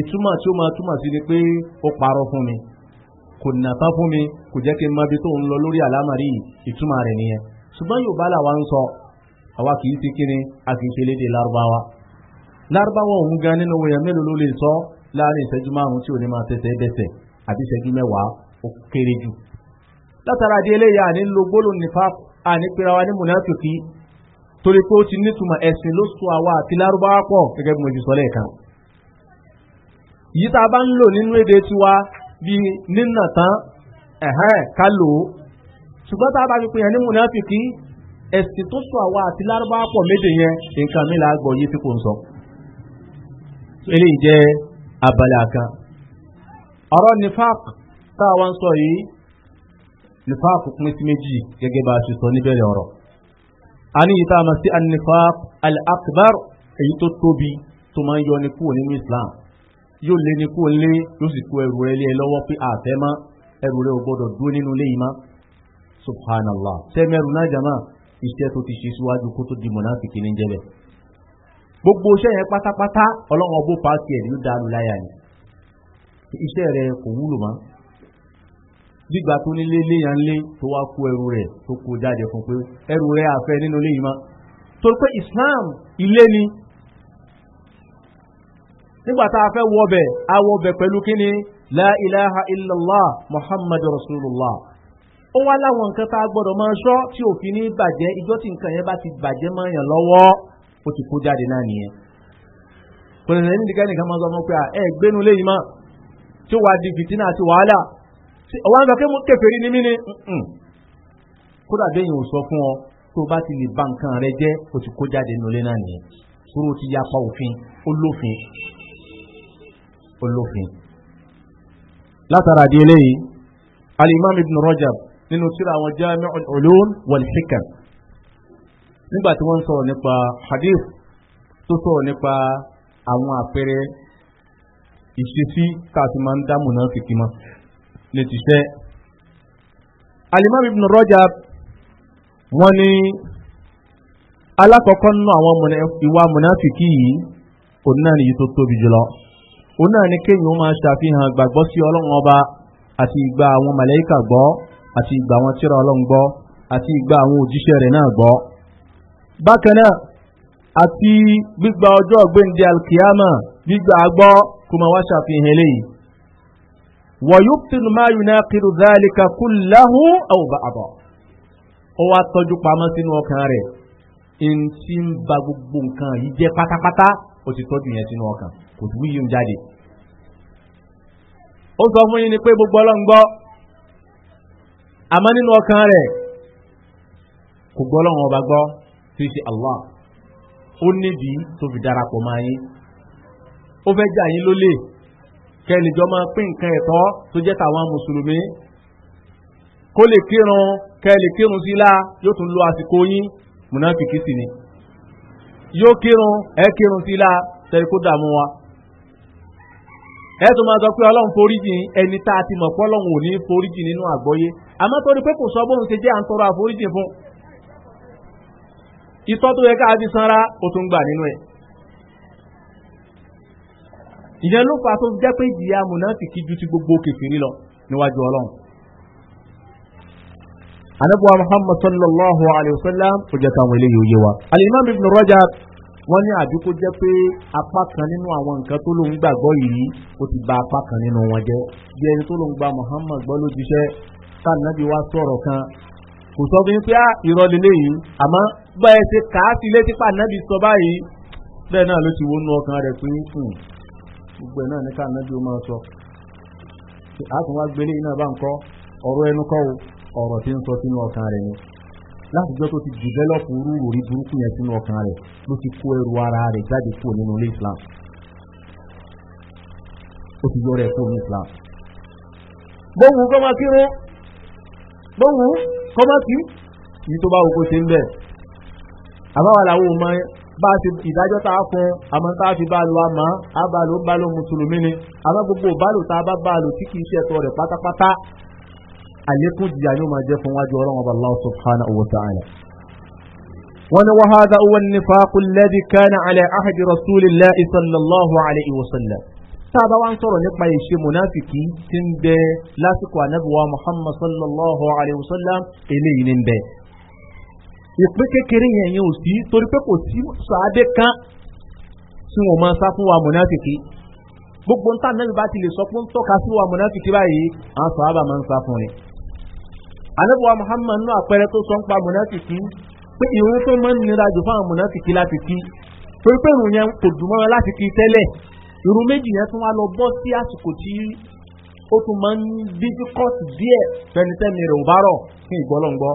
ìtumọ̀ tí ó máa túmọ̀ sí ni pé ó parọ́ fún mi kò nàfá fún mi kò jẹ́ kí n máa bi tó ń lọ lórí àlámàrí ìtumọ̀ rẹ̀ nìyẹn ṣùgbọ́n Yorùbá làwa ń sọ àwa kì í ti kíni a kì í ṣe léde lárúbáwá lárúbáwá òun gan nínú wẹ̀yẹ mélòó ló lè sọ láàrin ìṣẹ́jú márùn-ún tí ò ní máa tẹ̀sẹ̀ dẹ̀sẹ̀ àbí ìṣẹ́jú mẹ́wàá ó kéré jù látara di eléyà àní lo àní pera wa ní mùnáfíkí torí pé ó ti nítumọ̀ ẹ̀sìn ló so àwa àti lárúbáwá pọ̀ gẹ́gẹ́ bí mo ti sọ lẹ́ẹ̀kan. yìí tá a bá ń lò nínú èdè tiwa bíi nínà tán ẹ̀hẹ́n ká lò ó ṣùgbọ́n tá a bá fi pèèyàn ní mùnáfìkì ẹ̀sìn tó so àwa àti lárúbáwá pọ̀ méje yẹn nǹkan mi là á gbọ́ yìí tí kò ń sọ. eléyìí jẹ́ abalẹ̀ àkan. ọ̀rọ̀ nifaq tá a wá ń sọ yìí nifaq pín sí méjì gẹ́gẹ́ bá a ṣe sọ níbẹ̀rẹ̀ ọ̀rọ̀ a ní ìta àmà sí an-nifaq al-akbar èyí tó tóbi tó máa ń yọ ní kúrò nínú islam yóò lé ní kúrò lé yóò sì kó ẹrù rẹ lé ẹ lọ́wọ́ pé àfẹ́ mọ́ ẹrù rẹ ò gbọ́dọ̀ dúró nínú ilé yìí mọ́ subhanallah sẹ́mẹ́rù náà jama iṣẹ́ tó ti ṣe síwájú kó tó di mọ̀nàfíkì ní jẹ́bẹ̀ gbogbo iṣẹ́ yẹn pátápátá ọlọ́run ọgbó pàṣẹ ẹ̀ ló dáa lù láyà ni iṣẹ́ rẹ kò wúlò gbígbà tó nílé léyàn lé tó wá kó ẹrù rẹ̀ tó kó jáde fún pé ẹrù nínú ilé yìí pé Islam ilé ni nígbàtá afẹ́ wọbẹ̀ awọbẹ̀ pẹ̀lú kíni la ilaha illallah muhammadu rasulillah. ó wá láwọn nǹkan tá a gbọ́dọ̀ máa ṣọ́ tí òfin ní bàjẹ́ ìjọ́ tí ti bàjẹ́ máa yàn lọ́wọ́ ó ti kó jáde náà nìyẹn kò lè ní nìkan nìkan máa sọ fún pé ẹ gbénu léyìí tí ó wá di ọwọ́ àgbà pé mo kẹfẹ́rí ni mí ni kódà bẹ́yìn ò sọ fún ọ tó bá ti lè ba nǹkan rẹ jẹ́ o ti kó jáde nulẹ̀ náà ni kúrò ti yapa òfin olófin olófin. látara di eléyìí alimam ibn rajab nínú tírà àwọn jami'ul ulum wal nígbà tí wọ́n sọ̀rọ̀ nípa hadith tó sọ̀rọ̀ nípa àwọn àpẹẹrẹ ìṣesí tá a ti máa ń dámùná fìkì mọ́ ní tiṣẹ́. alimami ibn rajab wọ́n ní alákọ̀ọ́kọ́ nínú àwọn ìwà mùnáfìkì yìí òun náà nìyí tó tóbi jùlọ òun náà ni kéèyàn máa ṣàfihàn gbàgbọ́ sí ọlọ́run ọba àti ìgbà àwọn màlẹ́kà gbọ́ àti ìgbà àwọn tíra ọlọ́run gbọ́ àti ìgbà àwọn òjíṣẹ́ rẹ̀ náà gbọ́. bákan náà àti gbígba ọjọ́ ọ̀gbẹ́ndé alkiyama gbígba agbọ́ kó máa wá ṣàfihàn eléyìí wọ̀yúbtìr máa yunákìrù dálíkà kúláhù àwòbá àbọ̀. ó wá tọ́jú pamọ́ sínú ọkàn rẹ̀ ń tí ń ba gbogbo nǹkan yìí jẹ́ pátápátá ó ti tọ́jú yẹn sínú ọkàn kò tún yíyún jáde. ó sọ fún yín ni pé gbogbo ọlọ́ngbọ́ àmọ́ nínú ọkàn rẹ̀ kò gbọ́ ọlọ́run ọba gbọ́ tí ṣe allah ó nídìí tó fi darapọ̀ máa yín ó fẹ́ jà yín lólè kẹlẹ̀jọ́ máa pín nǹkan ẹ̀tọ́ tó jẹ́ tàwọn mùsùlùmí kó lè kírun kẹlẹ̀ kírun sílá yóò tún lo àsìkò yín mùnáfìkì sì ni yóò kírun ẹ kírun sílá tẹ̀lé kó dààmú wa ẹ tó máa sọ pé ọlọ́run foríjì ẹni tá a ti mọ̀ pé ọlọ́run ò ní foríjì nínú àgbọ́yé àmọ́ torí pé kò sọ bóun ṣe jẹ́ à ń tọrọ àforíjì fún ìtọ́ tó yẹ ká a ti sanra ó tún gbà nínú ẹ̀ ìyẹn ló fa tó jẹ́ pé ìjìyà mùnáfìkì ju ti gbogbo kèfèrí lọ níwájú ọlọ́run anabuwa muhammad sallallahu alayhi wa sallam ó jẹ́ káwọn eléyìí òye wa alimam ibn rajab wọ́n ní àbí kó jẹ́ pé apá kan nínú àwọn nǹkan tó lóun gbàgbọ́ yìí ó ti ba apá kan nínú wọn jẹ́ bí ẹni tó lóun gba muhammad gbọ́ ló jíṣẹ́ sànàbí wa sọ̀rọ̀ kan kò sọ fún yín pé ah, irọ́ lélẹ̀ àmọ́ bá ẹ ṣe kàá sí létí pànàbí sọ báyìí bẹ́ẹ̀ náà ló ti wọnú ọkàn rẹ̀ pé gbogbo náà ní káàná bí ó máa sọ àtún wá gbélé iná bá ń kọ́ ọ̀rọ̀ ẹnu kọ́ o ọ̀rọ̀ tí ń sọ sínú ọkàn rẹ̀ ni láti jọ́ tó ti dìvẹ́lọ́pù rúrù orí burúkú yẹn sínú ọkàn rẹ̀ ló ti kó ẹrù ara rẹ̀ jáde kúrò nínú ilé Islam ó ti yọ rẹ̀ kúrò ní Islam. bóhùn kọ́ máa kírun bóhùn kọ́ máa kí ní tó bá wo kó ṣe ń bẹ̀ àbáwá làwọn ò máa bá ti ìdájọ́ tá a fún àmọ́ tá a fi bá lo àmọ́ a bá lo ń bá lo mùsùlùmí ni àmọ́ gbogbo bálò tá a bá bá lo tí kì í ṣe ẹ̀tọ́ rẹ̀ pátápátá àlékún jìyà ni ó máa jẹ́ fún wájú ọlọ́run ọba Allah subhanahu wa ta'ala. wọ́n ní wàhálà owó nífàákù lẹ́dí kánà alẹ́ ahadi rasulillah sallallahu alayhi wa sallam. tá a bá wá ń sọ̀rọ̀ nípa ìṣe munafiki tí ń bẹ lásìkò anabiwa muhammad sallallahu alayhi wa sallam eléyìí ni ń bẹ́ẹ̀ ìpín kékeré yẹn yẹn ò sí torí pé kò sí sàádé kan tí wọn máa sá fún wa mọ̀nàfìkì gbogbo nta nàbí bá ti lè sọ pé ń tọ́ka sí wa mọ̀nàfìkì báyìí àwọn sàábà máa ń sá fún rẹ̀. anábọ̀wá muhammad náà àpẹẹrẹ tó sọ ń pa mọ̀nàfìkì pé ìrún tó máa ń nira jù fún àwọn mọ̀nàfìkì láti kí torí pé ìrùn yẹn kò dùn mọ́ra láti kí tẹ́lẹ̀ ìrún méjì yẹn tún wá lọ bọ́ sí àsìkò tí ó tún máa ń dídíkọ́t díẹ̀ fẹnitẹ́ni rẹ̀ ò bá rọ̀ fún ìgbọ́lọ́ngbọ́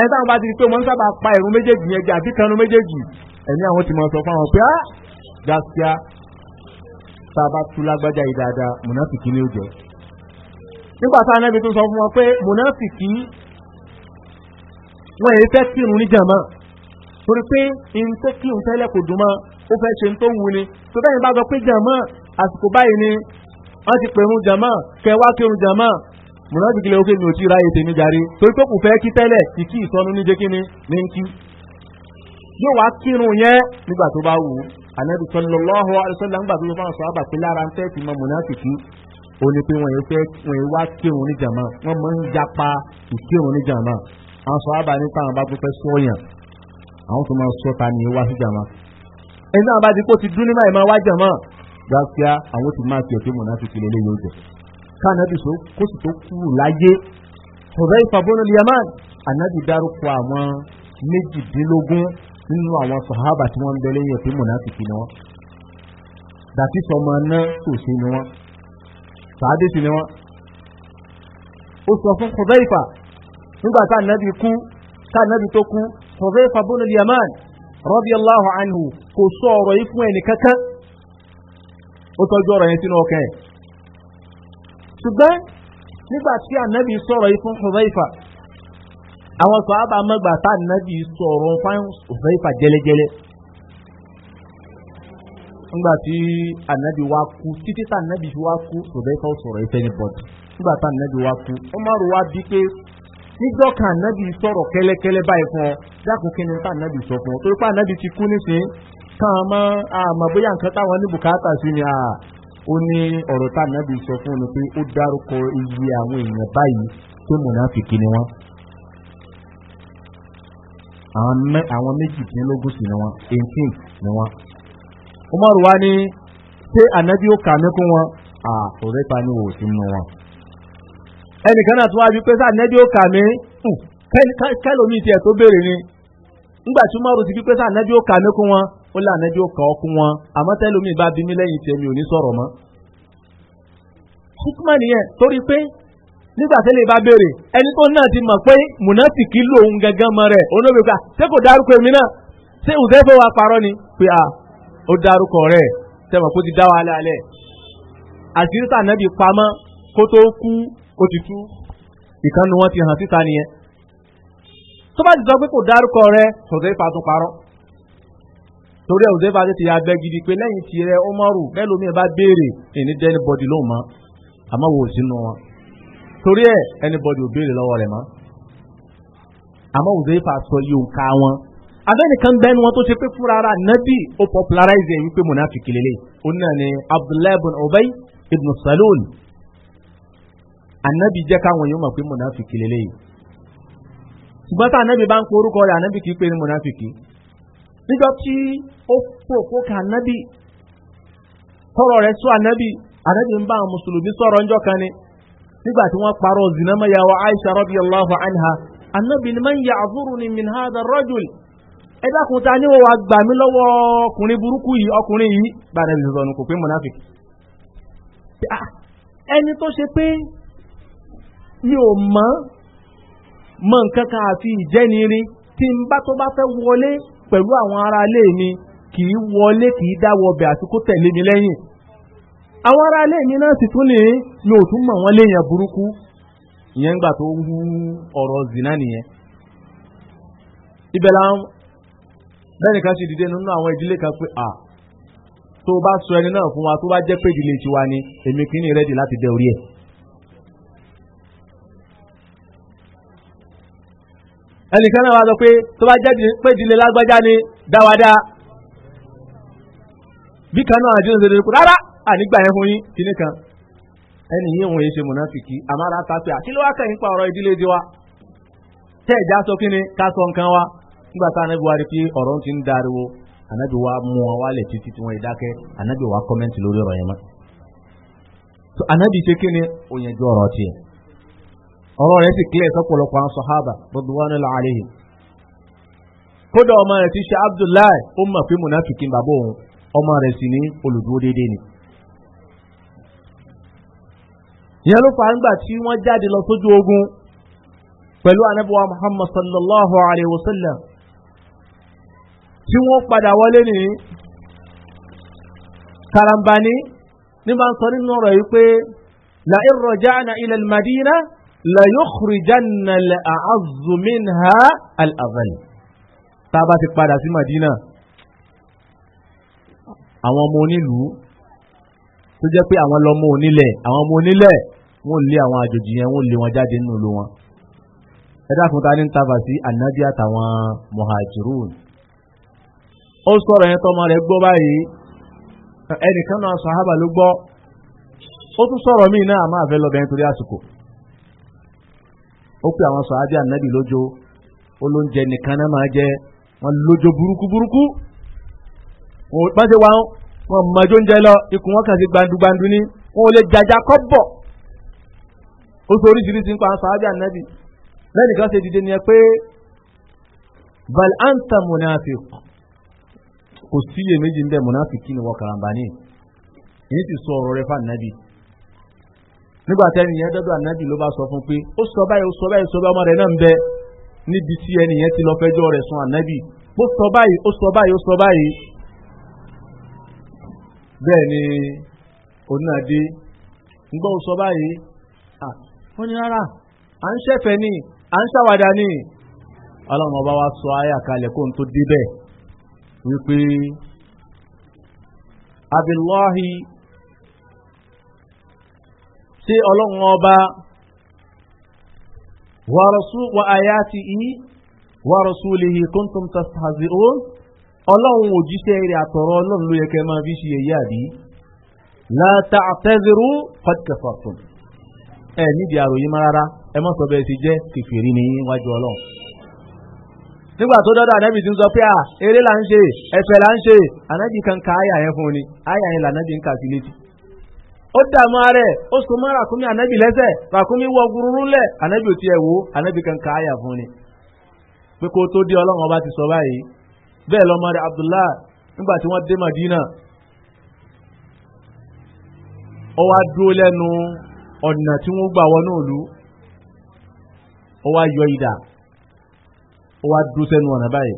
ẹni táwọn bá ti rí pé wọ́n sábà pa ẹ̀rù méjèèjì yẹn jẹ́ àbí kanu méjèèjì ẹ̀mí àwọn ti mọ̀ sọ fún àwọn pé á ah, gaskiya tá a bá tú lágbájá yìí dáadáa mùnáfìkì ni ó jẹ. nígbà tá a náà fi tún sọ fún wọn pé mùnáfìkì wọn èyí fẹ́ kírun ní jàmá torí pé n tó kírun tẹ́lẹ̀ kò dùn mọ́ ó fẹ́ ṣe n tó wù ni tó bẹ́ẹ̀ ni bá sọ pé jàmá àsìkò báyìí ni wọ́n ti pèrún jàmá mùnàfíkì lè ókè mi ò tí ráyè tèmi jàre torí pé kò fẹ́ kí tẹ́lẹ̀ ìkí ìsọnù ní jẹ́ ni ní ń kí. yóò wá kírun yẹn nígbà tó bá wù ú ànábì sallallahu alaihi wasallam nígbà tó fáwọn sọ̀rọ̀ àbàpẹ́ lára ń tẹ́ ti mọ mùnàfíkì ó ní pé wọ́n yẹn fẹ́ wọ́n yẹn wá kírun ní jàmá wọ́n máa ń japa ìkírun ní jàmá àwọn sọ̀rọ̀ àbà nípa àwọn bá tó fẹ́ sọ ta ni wá sí jàmá ẹni náà bá ti kó ti dún nígbà yìí máa wá jàmá gbàgbé àwọn ti máa fi ọ̀tí mùnàfíkì lélẹ́yìn ó kánábì tó kó sì tó kúrò láyé ọ̀rẹ́ ìfàbọ́nà liaman anábì dárúkọ àwọn méjìdínlógún nínú àwọn sọ̀hábà tí wọ́n ń bẹ lẹ́yìn ọ̀pẹ́ mọ̀nàfìkì ni wọ́n dàtí sọmọ náà sòṣe ni wọ́n sàádé sí ni wọ́n ó sọ fún ọ̀rẹ́ ìfà nígbà kánábì kú kánábì tó kú ọ̀rẹ́ ìfàbọ́nà liaman rọ́bí aláhùn àánú kò sọ ọ̀rọ̀ yìí fún ẹnì kankan ó tọ́jú ọ̀rọ̀ yẹn sínú ọkàn ẹ̀ ṣùgbọ́n nígbà tí ànábì sọ̀rọ̀ yìí fún Hudhaifa àwọn sọ̀hábà mọ́gbà tá ànábì sọ̀rọ̀ fún Hudhaifa jẹ́lẹ́jẹ́lẹ́ nígbà tí ànábì wa kú títí tá ànábì wa kú Hudhaifa sọ̀rọ̀ yìí fẹ́ni bọ̀dù nígbà tá ànábì wa kú Umaru wa bí pé níjọ́ kan ànábì sọ̀rọ̀ kẹ́lẹ́kẹ́lẹ́ báyìí fún ọ dákun kí ni tá ànábì sọ fún ọ torí pé ànábì ti kú nísìnyí káwọn mọ àmọ́ bóyá nǹkan táwọn ní bùkátà sí ni ó ní ọ̀rọ̀ tá ànábì sọ fún un pé ó dárúkọ iye àwọn èèyàn báyìí tó mùnáfìkì ni wọ́n àwọn méjìdínlógún sí ni wọ́n eighteen ni wọ́n. umaru wa ni ṣé ànábì ó kà mí kún wọn ọ̀rẹ́ ta ni wò ó ti mú wọn. ẹnìkan náà tún wá bí pé sá ànábì ó kà mí hmm, kẹlòmíì tiẹ̀ tó béèrè ni nígbà tí umaru ti bí pé sá ànábì ó kà mí kún wọn ó lànàbí ó kàn ọkùn wọn àmọ́ tẹ́lómi bá bí mi lẹ́yìn tèmi ò ní sọ̀rọ̀ mọ́. hikman nìyẹn torí pé nígbà tẹ́lẹ̀ bá béèrè ẹni tó náà ti mọ̀ pé mùnátìkì lòun gangan mọ́ rẹ̀ olóògbégbà ṣé kò dárúkọ èmi náà ṣé òṣèlú wa parọ́ ni pé à ó dárúkọ rẹ̀ tẹ̀mọ̀ kó ti dá wa lálẹ́ àṣírí tànàbí pamọ́ kó tó kú ó ti tú ìkànnì wọn ti hàn síta nìyẹn tó bá ti sọ pé kò dárúkọ rẹ̀ sọ̀tẹ́ ìfàtún parọ́ torí ẹ̀rù dẹ́fà tètè ya bẹ́ gidi pé lẹ́yìn tí rẹ ọmọrù mẹ́lòmíì bá béèrè ẹni dẹ́ ẹnibọ́dì lóhùn mọ́ àmọ́ wò sí nù wọn torí ẹ ẹnibọ́dì ò béèrè lọ́wọ́ rẹ̀ mọ́ àmọ́ wò dẹ́fà sọ yìí òǹkà wọn abẹ́nìkan bẹ́ẹ̀ ni tó ṣe pé fúra ara nabi ó popularize ẹ̀ wípé monafiki lélẹ̀ òun náà ni abdullahi ibn ibn salul anabi jẹ́ káwọn yóò mọ̀ pé monafiki lélẹ̀ ṣùgbọ́n tá anabi bá ń pe orúkọ rẹ̀ anabi kì í pe ní monafiki níjọ́ tí ó pòfókè ànábì tọrọ rẹ̀ sún ànábì ànábì ń bá àwọn mùsùlùmí kan ni nígbà tí wọ́n parọ́ aisha rabi allahu anha ànábì ni máa ń ni minhada rọ́jùl ẹ ta ni wọ́n wá gbà mí lọ́wọ́ ọkùnrin burúkú yìí ọkùnrin yìí bá ànábì sọ̀rọ̀ kò pé ah, ẹni tó ṣe pé mi pẹ̀lú àwọn ará ilé mi kì í wọlé kì í dáwọ́ ọbẹ̀ àti kó tẹ̀lé mi lẹ́yìn àwọn ará ilé mi náà sì tún ní mi ò tún mọ̀ wọ́n léèyàn burúkú ìyẹn ń gbà tó ń hu ọ̀rọ̀ zina nìyẹn ibẹ̀ làwọn bẹ́ẹ̀ nìkan sì dìde nínú àwọn ìdílé kan pé à tó bá sọ ẹni náà fún wa tó bá jẹ́ pé ìdílé tiwa ni èmi kì í ní rẹ́dì láti dẹ orí ẹ̀. ẹnìkan náà wà sọ pé tó bá pé ìdílé lágbájá ni dáwadáa bí kan náà àdínà ṣe lóko rárá ànígbà yẹn fún yín kíní kan ẹnì yín òun yẹn ṣe mùnáfìkì àmàrà ta pé àkílẹ̀ wá kẹ́yìn pa ọ̀rọ̀ ìdílé di wa tẹ́ ẹ̀já sọ kíni ká sọ nǹkan wa nígbà tá ànábi wa rí pé ọ̀rọ̀ ti ń dariwo ànábi wa mú wọn wálẹ̀ títí tí wọ́n yìí dákẹ́ ànábi wa kọ́mẹ́ntì lórí ọ̀rọ̀ yẹn mọ́ ọ̀rọ̀ rẹ̀ sì kílẹ̀ sọ́pọ̀lọpọ̀ àwọn sọ̀hábà rọ̀dùwánà láàrin kódà ọmọ rẹ̀ ti ṣe abdullahi ó mọ̀ pé mùnàfíkì bàbá òun ọmọ rẹ̀ sì ní olùdúró déédéé ni. ìyẹn ló fà á nígbà tí wọ́n jáde lọ sójú ogun pẹ̀lú anábíwá muhammad sallallahu alayhi wa sallam tí wọ́n padà wọlé ní karambani ní bá sọ nínú ọ̀rọ̀ yìí pé la irọ̀já ilẹ̀ madina la yukhrijanna al-a'azzu minha al-adhall tá a bá ti padà sí Madina àwọn ọmọ onílùú tó jẹ́ pé àwọn lọ́mọ onílẹ̀ àwọn ọmọ onílẹ̀ wọ́n lé àwọn àjòjì yẹn wọ́n lé wọn jáde nínú ìlú wọn ẹ dákun ta ní ń tàbà sí ànábì àtàwọn muhajirun ó sọ̀rọ̀ yẹn tọmọ rẹ̀ gbọ́ báyìí ẹnìkan náà sàhábà ló gbọ́ ó tún sọ̀rọ̀ míì náà àmọ́ àfẹ́ lọ́bẹ̀ẹ́ nítorí àsìkò ó pe àwọn sàábì ànábì lójó olóúnjẹ nìkan náà máa jẹ wọn lójó burúkú burúkú wọn bá ṣe wá wọn mọjó ń jẹ lọ ikùn wọn kàn sí gbandugbandu ni wọn ò lè jàjà kọ́ bọ̀ ó sọ oríṣiríṣi ń pa àwọn sàábì ànábì lẹ́nìkan ṣe dìde ni ẹ pé bal anta munafiq kò síyèméjì ń bẹ munafiq kí ni wọ́n karambani èyí ti sọ ọ̀rọ̀ rẹ fún ànábì. nígbà tí ẹnìyẹn dọ́dọ̀ ànábì ló bá sọ fún pé ó sọ báyìí ó sọ báyìí sọ ọmọ rẹ náà ń bẹ níbi tí ẹnìyẹn ti lọ fẹjọ rẹ sun ànábì ó sọ báyìí ó sọ báyìí ó sọ báyìí. bẹ́ẹ̀ ni onínàdé ń ó sọ báyìí wọ́n ní rárá à ń ṣẹ̀fẹ̀ ni à ọba wa sọ ayé àkàlẹ̀ kó n tó sí ọlọ́run ọba wàrọ̀sù wa àyà ti i wàrọ̀sù lèyí kóńtòm tàṣàzì ó ọlọ́run òjíṣẹ́ rẹ̀ àtọ̀rọ̀ ọlọ́run ló yẹ kẹ́ máa fi ṣe èyí àbí láta àtẹ́zìrú pàtìkẹfọ̀tún ẹ nídìí àròyìn rárá ẹ sọ ti jẹ́ kẹfìrí ní iwájú ọlọ́run nígbà tó dọ́dọ̀ ànábì ti ń sọ pé à eré là ń ṣe ẹ̀fẹ̀ là ń ṣe ànábì kan ka àyà yẹn fún ni àyà yẹn ń kà ó dààmú ààrẹ ó so mọ́ ràkúnmí ànábì lẹ́sẹ̀ ràkúnmí wọ gúrúrú lẹ̀ ànábì ò tiẹ̀ wò ànábì kankan àyà fún ni. pé kó tó dé ọlọ́run ọba ti sọ báyìí bẹ́ẹ̀ lọ́mọ abdullahi nígbà tí wọ́n dé madina ó wá dúró lẹ́nu ọ̀nà tí wọ́n gbà wọnú ó yọ ó wá dúró sẹ́nu ọ̀nà báyìí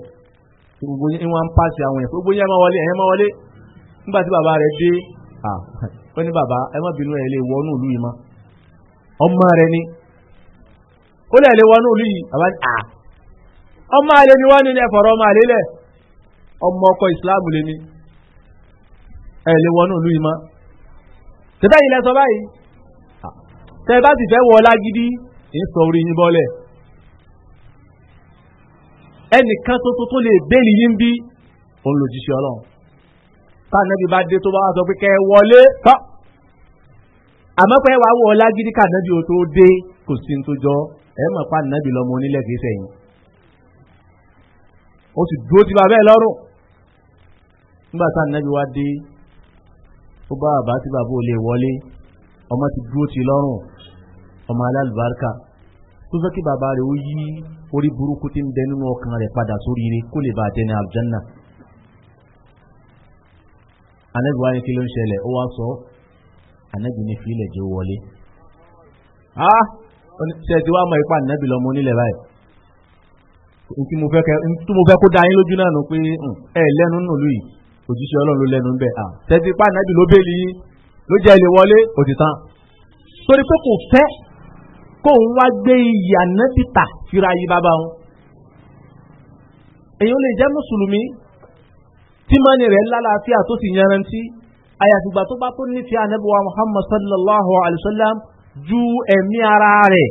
gbogbo yẹn wọ́n ń pàṣẹ àwọn yẹn gbogbo yẹn máa ó ní bàbá ẹ má bínú ẹ̀ lè wọnú ìlú yìí mọ́ ọmọ rẹ ni ó lẹ̀ lè wọnú ìlú yìí bàbá ni à ọmọ àlè ni wọ́n ní ní ẹ̀fọ̀rọ̀ ọmọ àlè lẹ̀ ọmọ ọkọ ìsìláàmù lè ní ẹ̀ lè wọnú ìlú yìí mọ́ tẹ́tẹ́ yìí lẹ báyìí tẹ́ bá sì fẹ́ wọ lágídí ń sọ orí yín bọ́lẹ̀ ẹnìkan tuntun tó lè bẹ́ẹ̀lì yín bí òun lòjíṣẹ́ ọlọ́run tánàbí bá dé tó bá wá sọ pé kẹ wọlé tọ́ àmọ́ pé wàá wọ lágídí kànábì ò tó dé kò sí ní tó jọ ẹ mọ̀ pa nàbì lọ́mọ onílẹ̀ kìí sẹ́yìn ó sì dúró ti bàbá ẹ lọ́rùn nígbà tá nàbì wá dé ó bá bàbá tí bàbá ò lè wọlé ọmọ ti dúró ti lọ́rùn ọmọ alálùbáríkà tó fẹ́ kí bàbá rẹ̀ ó yí orí burúkú tí ń bẹ ọkàn rẹ̀ padà sórí ire kó lè bàa jẹ́ àbújá náà anabi wa ni kí ló ń ṣẹlẹ̀ ó wá sọ anabi ní fílẹ̀ jẹ́ wọlé. a ṣe ti wá mọ ipa anabi lọ mọ nílẹ̀ báyìí tí mo fẹ́ kó da yín lójú náà nù pé ẹ lẹ́nu nùlù yìí òjíṣẹ́ ọlọ́run ló lẹ́nu bẹ́ẹ̀ à tẹ́tí pa anabi ló bẹ́ẹ̀ yín ló jẹ́ ilé wọlé òtítàn torí pé kò fẹ́ kó ń wá gbé iyì anabi ta fira yí bàbá wọn èyí ó lè jẹ́ mùsùlùmí tí mọ́ni rẹ̀ lálàáfíà tó sì yanrantí àyàfìgbà tó bá tó nífẹ̀ẹ́ anábíwá muhammad sallallahu alayhi wa sallam ju ẹ̀mí ara rẹ̀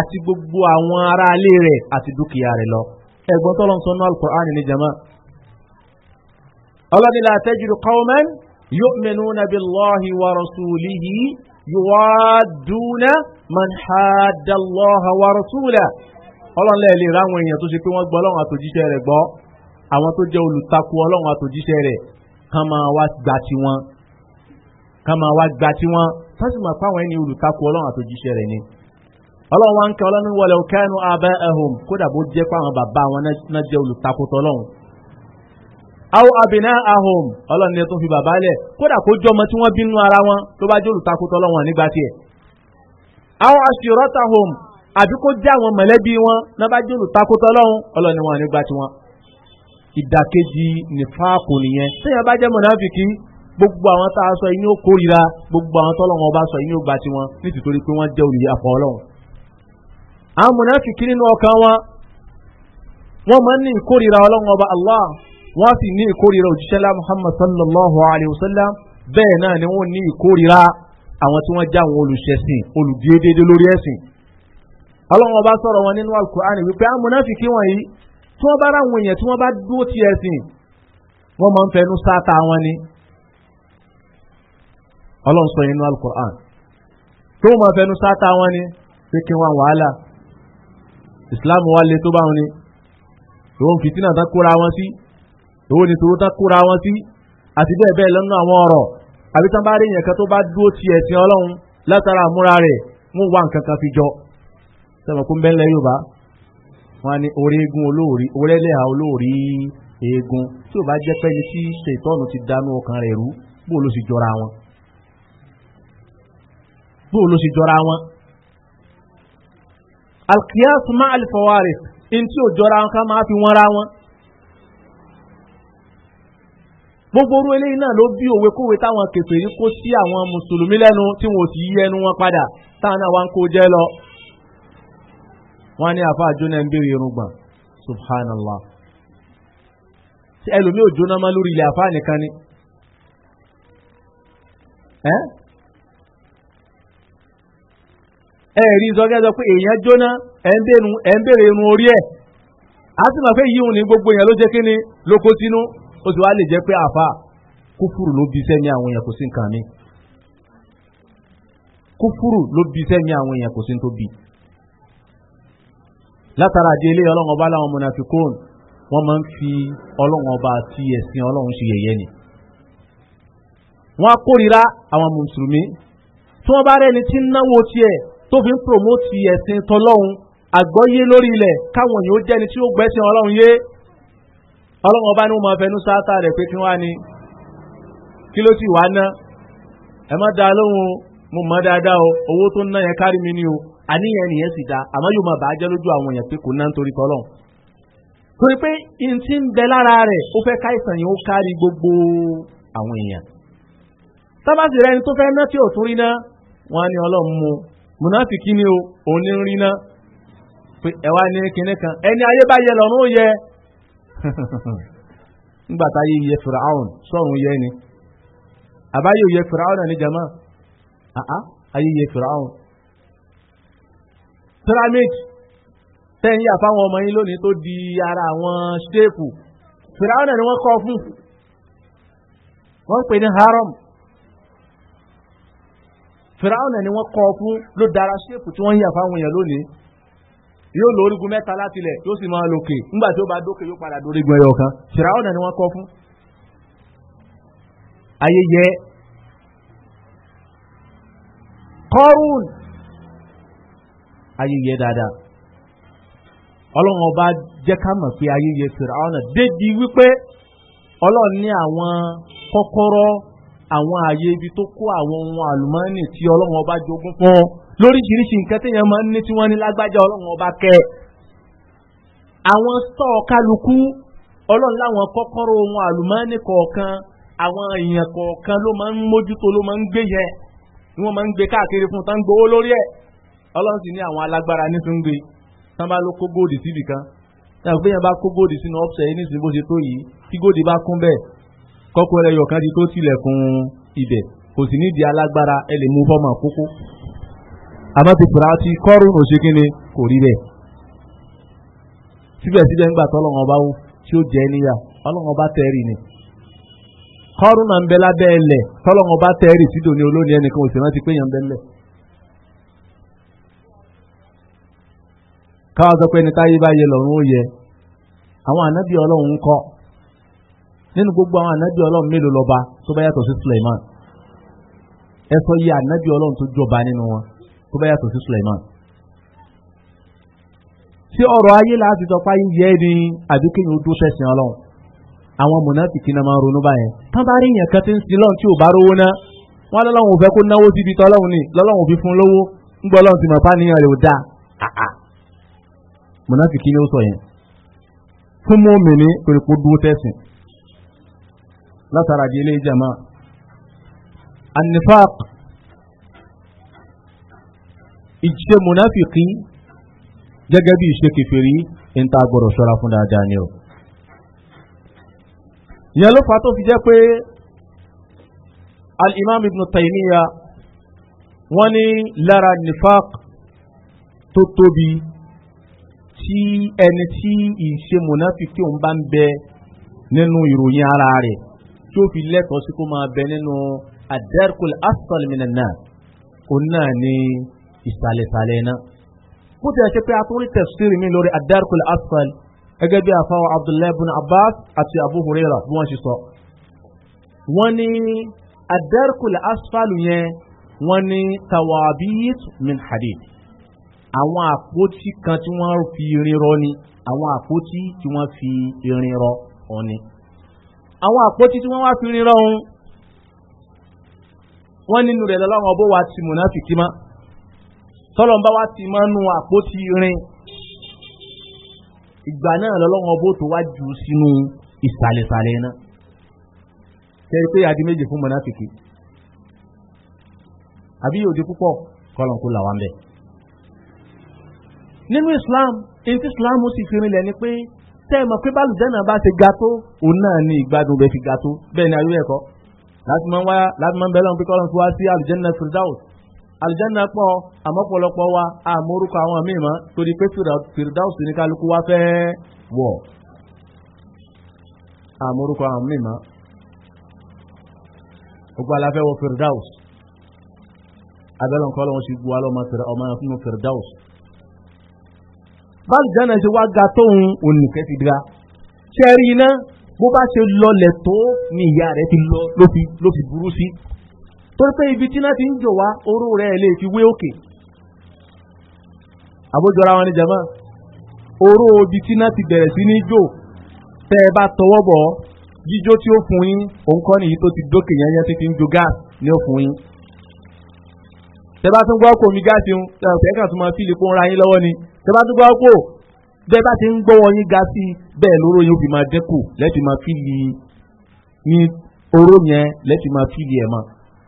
àti gbogbo àwọn ará ilé rẹ̀ àti dúkìá rẹ̀ lọ. ẹ̀gbọ́n tọ́lọ́ ń sọ alukur'an ní jama. ọlọ́ni la tẹ́jú kọ́ọ̀mẹ́n yóò mẹ́nu nàbí lọ́hì wa rasulihi yóò dúnà man hàdà lọ́hà wa rasula. ọlọ́ni lẹ́ẹ̀lì ráwọn èèyàn tó ṣe pé wọ́n gbọ́ àwọn tó jẹ́ olùtakò ọlọ́run àtòjíṣẹ́ rẹ̀ kán máa wá gba tiwọn kán máa wá gba tiwọn tán sì fáwọn ẹni olùtakò ọlọ́run àtòjíṣẹ́ rẹ̀ ni. ọlọ́run wa ń kẹ́ ọlọ́run wọlé kẹ́nu abẹ́ ẹ̀hùn kódà bó jẹ́ fáwọn bàbá wọn náà jẹ́ olùtakò tọ́lọ́run. àwọn abiná ahùn ọlọ́run ni ẹ tún fi bàbá lẹ̀ kódà kó jọmọ tí wọ́n bínú ara wọn tó bá jẹ́ olùtakò tọ́lọ́run nígbà ni wọn nígbà ìdàkejì nìfàákù nìyẹn téèyàn bá jẹ́ mọ̀nàfìkì gbogbo àwọn tá a sọ yìí ni ó kórira gbogbo àwọn tọ́lọ́wọ́n ọba sọ yìí ni ó gba tiwọn nítorí pé wọ́n jẹ́ olùyẹ àfọ ọlọ́run. àwọn mọ̀nàfìkì nínú ọkàn wọn wọ́n máa ń ní ìkórira ọlọ́run ọba allah wọ́n sì ní ìkórira òjíṣẹ́lá muhammad sallallahu alayhi wa sallam bẹ́ẹ̀ náà ni wọ́n ní ìkórira àwọn tí wọ́n já àwọn olùṣẹ̀sìn olùdíyedédé lórí ẹ̀sìn. ọlọ́run ọba sọ̀rọ̀ wọn nínú alukur'an wípé àwọn mọ̀nàfìkì wọ̀nyí tí wọ́n bá ráwọn èèyàn tí wọ́n bá dúró ti ẹ̀sìn wọ́n máa ń fẹnu sáta wọn ni ọlọ́run sọ inú alukur'an tó máa fẹnu sáta wọn ni pé kí wọ́n wàhálà islam wa le tó bá wọn ni òun fìtínà tán kóra wọn sí òun nítorí tán kóra wọn sí àti bẹ́ẹ̀ bẹ́ẹ̀ lọ́nà àwọn ọ̀rọ̀ àbí tán bá rí èèyàn kan tó bá dúró ti ẹ̀sìn ọlọ́run látara àmúra rẹ̀ wọ́n wá nǹkan kan fi jọ sẹ́wọ̀n wọ́n ní orí eégún olóòrí orẹ́lẹ́hà olóòrí eégún tí ò bá jẹ́ pẹ́ni tí ṣètọ́nù ti dánú ọkàn rẹ̀ rú bóò ló sì jọra wọn bóò ló sì jọra wọn alkiyas ma alifawari in tí ò jọra wọn ká máa fi wọn ra wọn gbogbo orú eléyìí náà ló bí òwe kówe táwọn kèfèrí kó sí àwọn mùsùlùmí lẹ́nu tí wọn ò sì yí ẹnu wọn padà táwọn náà wá ń kó jẹ́ lọ wọ́n ní àfa àjóná ń béèrè irùngbọ̀n subhanallah tí ẹlòmí ò jóná má lórí ilẹ̀ àfa nìkan ni ẹ rí sọgẹ́sọ pé èèyàn jóná ẹ̀ orí a sì máa fẹ́ yíhun ní gbogbo yẹn ló jẹ́ kí ni ló kó sínú ó sì wá lè jẹ́ pé àfa kúfùrù ló bí sẹ́mi àwọn èèyàn kò látara àdé ilé ọlọ́run ọba láwọn mọ̀nàfikóòn wọ́n máa ń fi ọlọ́run ọba àti ẹ̀sìn ọlọ́run ṣe yẹ̀yẹ́ ni. wọ́n á kórira àwọn mùsùlùmí tí wọ́n bá rẹ́ni tí ń náwó tiẹ̀ tó fi ń promote ẹ̀sìn tọlọ́run àgbọ́yé lórí ilẹ̀ káwọn yóò jẹ́ni tí ó gbẹ́sìn ọlọ́run yé ọlọ́run ọba ní wọn máa fẹnu sáátá rẹ̀ pé kí wọ́n á ní kí ló sì wá ná ẹ má dáa lóhùn mo mọ̀ dáadáa o owó tó ń ná yẹn kárí mi ni o àníyàn ènìyàn sì da àmọ́ yóò máa bàá jẹ́ lójú àwọn èèyàn pé kò ná nítorí tọ́lọ̀ torí pé n ti ń bẹ lára rẹ̀ ó fẹ́ yìí ó gbogbo àwọn èèyàn tábàsì rẹ ni tó fẹ́ ná tí ò tún rí ná wọn á ọlọ́run mu kí ni o òun ní rí ná pé ẹ̀wá kinní kan ẹni ayé bá yẹ lọ́run ó yẹ nígbà tá a yẹ ni àbáyé pyramid tẹ́yìn àfáwọn ọmọ yín lónìí tó di ara àwọn ṣéèpù fìràwọn ni wọ́n kọ́ fún wọ́n pè ní haram fìràwọn ni wọ́n kọ́ fún ló dára ṣéèpù tí wọ́n yà fáwọn èèyàn lónìí yóò lo orígun mẹ́ta láti ilẹ̀ yóò sì máa lòkè nígbà tí ó bá dókè yóò padà dórí gbẹ̀yọ̀ kan fìràwọn ni wọ́n kọ́ fún ayẹyẹ kọ́rùn-ún ayé dada dáadáa ọlọ́run ọba jẹ́ ká mọ̀ pé ayé yẹ fìràwọn náà débi wípé ọlọ́run ní àwọn kọ́kọ́rọ́ àwọn ààyè ibi tó kó àwọn ohun àlùmọ́ọ́nì tí ọlọ́run ọba jogún fún lóríṣiríṣi nǹkan téèyàn máa ń ní tí wọ́n ní lágbájá ọlọ́run ọba kẹ àwọn ohun àlùmọ́ọ́nì kọ̀ọ̀kan àwọn èèyàn kọ̀ọ̀kan ló máa ń mójútó ló máa ń gbé yẹn ni wọ́n máa ń gbé ọlọ́run sì ní àwọn alágbára ní tún gbé tán bá ló kó góòdì síbì kan táwọn fẹ́yàn bá kó góòdì sínú ọ̀pṣẹ̀ yìí nísìnyí bó ṣe tó yìí tí góòdì bá kún bẹ́ẹ̀ kọ́kọ́ rẹ̀ yọ̀kan di tó tilẹ̀kùn ibẹ̀ kò sì nídìí alágbára ẹ lè mú fọ́mọ̀ kókó àmọ́ ti fura ti kọ́rù òṣè kíni kò rí bẹ́ẹ̀ síbẹ̀síbẹ̀ ńgbà tọ́lọ́run ọba wù tí ó jẹ́ níyà ọlọ́run ọba tẹ́rì ni kọ́rù náà ń bẹ lábẹ́ ẹlẹ̀ tọ́lọ́run ọba tẹ́rì sídòní olónìí ẹnìkan òṣèrántí pé yẹn ń bẹ́ẹ̀ lẹ̀ káwá sọ pé ẹni táyé bá yẹ lọ́run ó yẹ àwọn ànábì ọlọ́run ń kọ́ nínú gbogbo àwọn ànábì ọlọ́run mélòó lọ́ba tó bá yàtọ̀ sí Suleiman ẹ sọ yìí ànábì ọlọ́run tó jọba nínú wọn tó bá yàtọ̀ sí Suleiman tí ọ̀rọ̀ ayé láti sọ pé yẹ ni àbí kí ni o dún sẹ̀sìn ọlọ́run àwọn mùnàfìkì náà máa ronú báyẹn tán bá rí yẹn kan tí ń sin lọ́run tí ò bá rówó ná wọn lọ́lọ́run ò fẹ́ kó náwó síbi tọ́lọ́run ni lọ́lọ́run ò fi fún lówó ń gbọ́ lọ́run ti mọ̀ pa rẹ̀ ò dáa mùnáfìkì ni ó sọ yẹn fún mọ́mìnì pèrèkó dúró tẹ̀sìn látara di ilé ìjàmá anifaq ìṣe mùnáfìkì gẹ́gẹ́ bí ìṣe kẹfẹ́rí ń ta gbọ́dọ̀ ṣọ́ra fún dáadáa ni o ìyẹn ló fa tó fi jẹ́ pé al ibn taymiya wọ́n ní lára nifaq tó tóbi tí ẹni tí ìṣe mùnáfíkí òun bá ń bẹ nínú ìròyìn ara rẹ̀ tí ó fi lẹ́tọ̀ọ́ sí kó máa bẹ nínú ad-darkul asfal minan nar òun náà ní ìsàlẹ̀sàlẹ̀ náà. bó ti ṣe pé atúrí tafsiri mi lórí ad-darkul asfal gẹ́gẹ́ bí àfáwọn abdullahi ibn abbas àti abu huraira bí wọ́n ṣe sọ. wọ́n ní ad-darkul yẹn wọ́n ní tawabit min hadith àwọn àpótí kan tí wọ́n fi irin ni àwọn àpótí tí wọ́n fi irin rọ àwọn àpótí tí wọ́n wá fi irin rọ wọ́n nínú rẹ̀ lọ́wọ́ bó wa ti mùnà fìtí mọ́ tọ́lọ̀ ń bá wa ti mọ́ nu àpótí irin ìgbà náà lọ́wọ́ bó tó wá jù sínú ìsàlẹ̀sàlẹ̀ náà tẹ́rí pé adi méje fún mùnà fìtí àbí yóò di púpọ̀ kọ́lọ̀ ń kó làwọn bẹ́ẹ̀ nínú islam èyí tí islam ó sì fi rinlẹ̀ ni pé tẹ́ ẹ mọ̀ pé bálùjẹ́ náà bá ṣe ga tó òun náà ni ìgbádùn bẹ́ẹ̀ fi ga tó bẹ́ẹ̀ ni ayé ẹ̀kọ́ láti máa ń wáyà láti máa ń bẹ̀rẹ̀ wọn pé kọ́lọ́n fi wá sí alùjẹ́nà firdaus alùjẹ́nà pọ̀ àmọ́ pọ̀lọpọ̀ wa àmórúkọ àwọn míì mọ́ torí pé firdaus ní kálukú wá fẹ́ wọ̀ àmórúkọ àwọn míì mọ́ gbogbo aláfẹ́ wọ firdaus abẹ́lẹ̀ nǹkan ọlọ́run ti bu alọ́mọ firdaus báàlì jẹ́ náà ṣe wá ga tóun òǹkẹ́ ti dira ṣẹ́rí iná bó bá ṣe lọlẹ̀ tó ni ìyá rẹ̀ ti lọ ló fi burú sí torí pé ibi tí náà ti ń jò wá oró rẹ̀ lè fi wé òkè àbójọra wọn ni jama oró ibi tí náà ti bẹ̀rẹ̀ sí ní jò tẹ́ ẹ bá tọwọ́ bọ̀ jíjó tí ó fún yín òun nìyí tó ti dókè yányá tí ti ń jo gáàsì ni ó yín tẹ́ bá tún gbọ́ kò mi gáàsì ń tẹ́ ẹ tún máa fi lè kó ń ra yín lọ́wọ́ ni tẹ́ bá dúpọ̀ kó bẹ́ẹ̀ bá ti ń gbọ́ wọn yín ga sí bẹ́ẹ̀ lóró yóò fi máa dẹ́kù lẹ́ẹ̀tì máa fi lè ní oró yẹn lẹ́ẹ̀tì máa fi lè ẹ̀ mọ́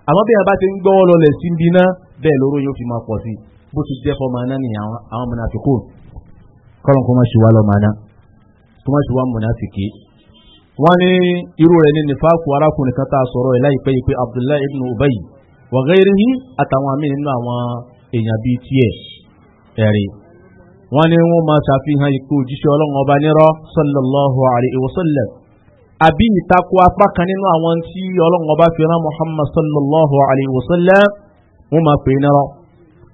àmọ́ bẹ́ẹ̀ bá ti ń gbọ́ wọn lọlẹ̀ sí ibi náà bẹ́ẹ̀ lóró fi máa pọ̀ sí bó ti jẹ́ fọmọ àwọn kó má ṣe wá lọ́mọ kó má ṣe wá wọ́n wọ́n ní wọ́n máa ṣàfihàn ikú òjíṣẹ́ ọlọ́run ọba nírọ́ sallallahu alayhi wa sallam àbí ìtakò apá kan nínú àwọn tí ọlọ́run ọba fi rán muhammad sallallahu alayhi wa sallam wọ́n máa pè é nírọ́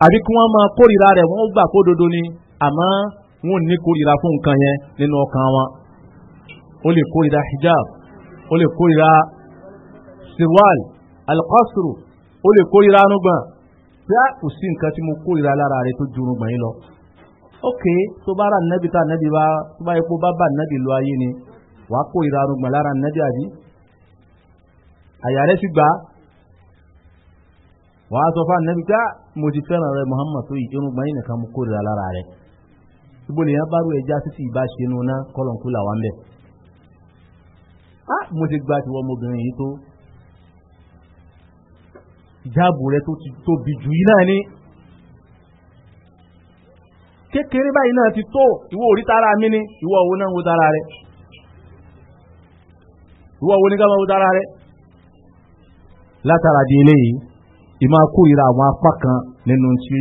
àbí kí wọ́n máa kórìíra rẹ̀ wọ́n gbà kó dodo ni àmọ́ wọ́n ní kórìíra fún nǹkan yẹn nínú ọkàn wọn ó lè kórìíra hijab ó lè kórìíra sirwal alqasru ó lè kórìíra anúgbọ̀n bí a kò sí nǹkan tí mo kórìíra lára rẹ̀ tó ju orúgbọ̀n yìí lọ ok tó bá ra nẹ́bi tá nẹ́bi bá tó bá epo bá bá nẹ́bi lọ ayé ni wà á kó ìrarun gbọ̀n lára nẹ́bi àbí àyà rẹ̀ sì gbà wà á sọ fún nẹ́bi tá ah, mo ti fẹ́ràn rẹ muhammad tó yìí irun gbọ̀n yìí nìkan mo kórìíra lára rẹ̀ ibo lè yẹn bá ẹja títí ìbá ṣe nu ná kọ́lọ̀nkú là wà ń bẹ̀ á ah, mo ti gba tiwọ́ ọmọbìnrin yìí tó ìjáàbù rẹ tó tóbi jù yìí náà ni. kékeré báyìí náà ti tó ìwọ orí tara mi ní ìwọ owó náà wo tara rẹ ìwọ owó ní ká máa wo tara rẹ látara di eléyìí ìmọ̀ akórira àwọn apá kan nínú tí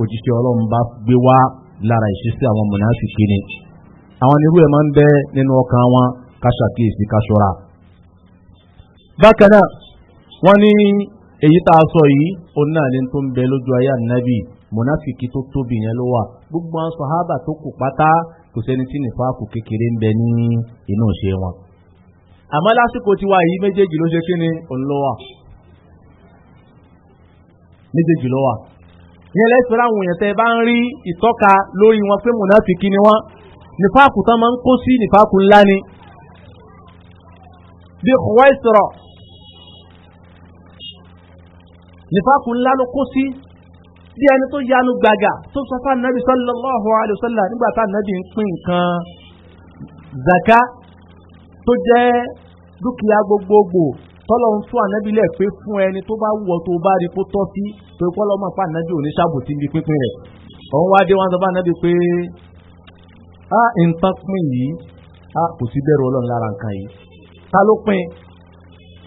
òjíṣẹ́ ọlọ́run bá gbé wá lára ìṣesí àwọn mùnàfíkì ni àwọn irú ẹ̀ máa ń bẹ nínú ọkàn wọn ká ṣàkíyèsí ká ṣọ́ra. bákan náà wọ́n ní èyí tá a sọ yìí òun náà ní tó ń bẹ lójú ayé ànábì mọ̀náfìkì tó tóbi yẹn ló wà gbogbo àwọn sọ̀hábà tó kù pátá kò sẹ́ni tí nìfàákù kékeré ń bẹ ní inú ṣe wọn. àmọ́ lásìkò tiwa yìí méjèèjì ló ṣe kí ni òun ló wà méjèèjì ló wà ní ẹlẹ́sìn àwọn èèyàn tẹ́ bá ń rí ìtọ́ka lórí wọn pé mọ̀náfìkì ni wọ́n nìfàákù tán máa ń kó sí nìfàákù ńlá ni bí kòwá ìsọ̀rọ̀ nìfàákù ńlá ló kó sí bí ẹni tó yanu gbàgà tó sọ fún anabi sallallahu alayhi wa sallam nígbà tá anabi ń pín nǹkan zaka tó jẹ́ dúkìá gbogbogbò tọ́lọ̀ ń fún anabi lẹ̀ pé fún ẹni tó bá wọ̀ tó bá rí kó tọ́ sí pé kọ́lọ́ máa fún anabi òní ṣàbòtí ní pínpín rẹ̀ òun wá dé wọn sọ fún anabi pé a nǹkan pín yìí a kò sí bẹ́ẹ̀ rọ ọlọ́run lára nǹkan yìí ta ló pín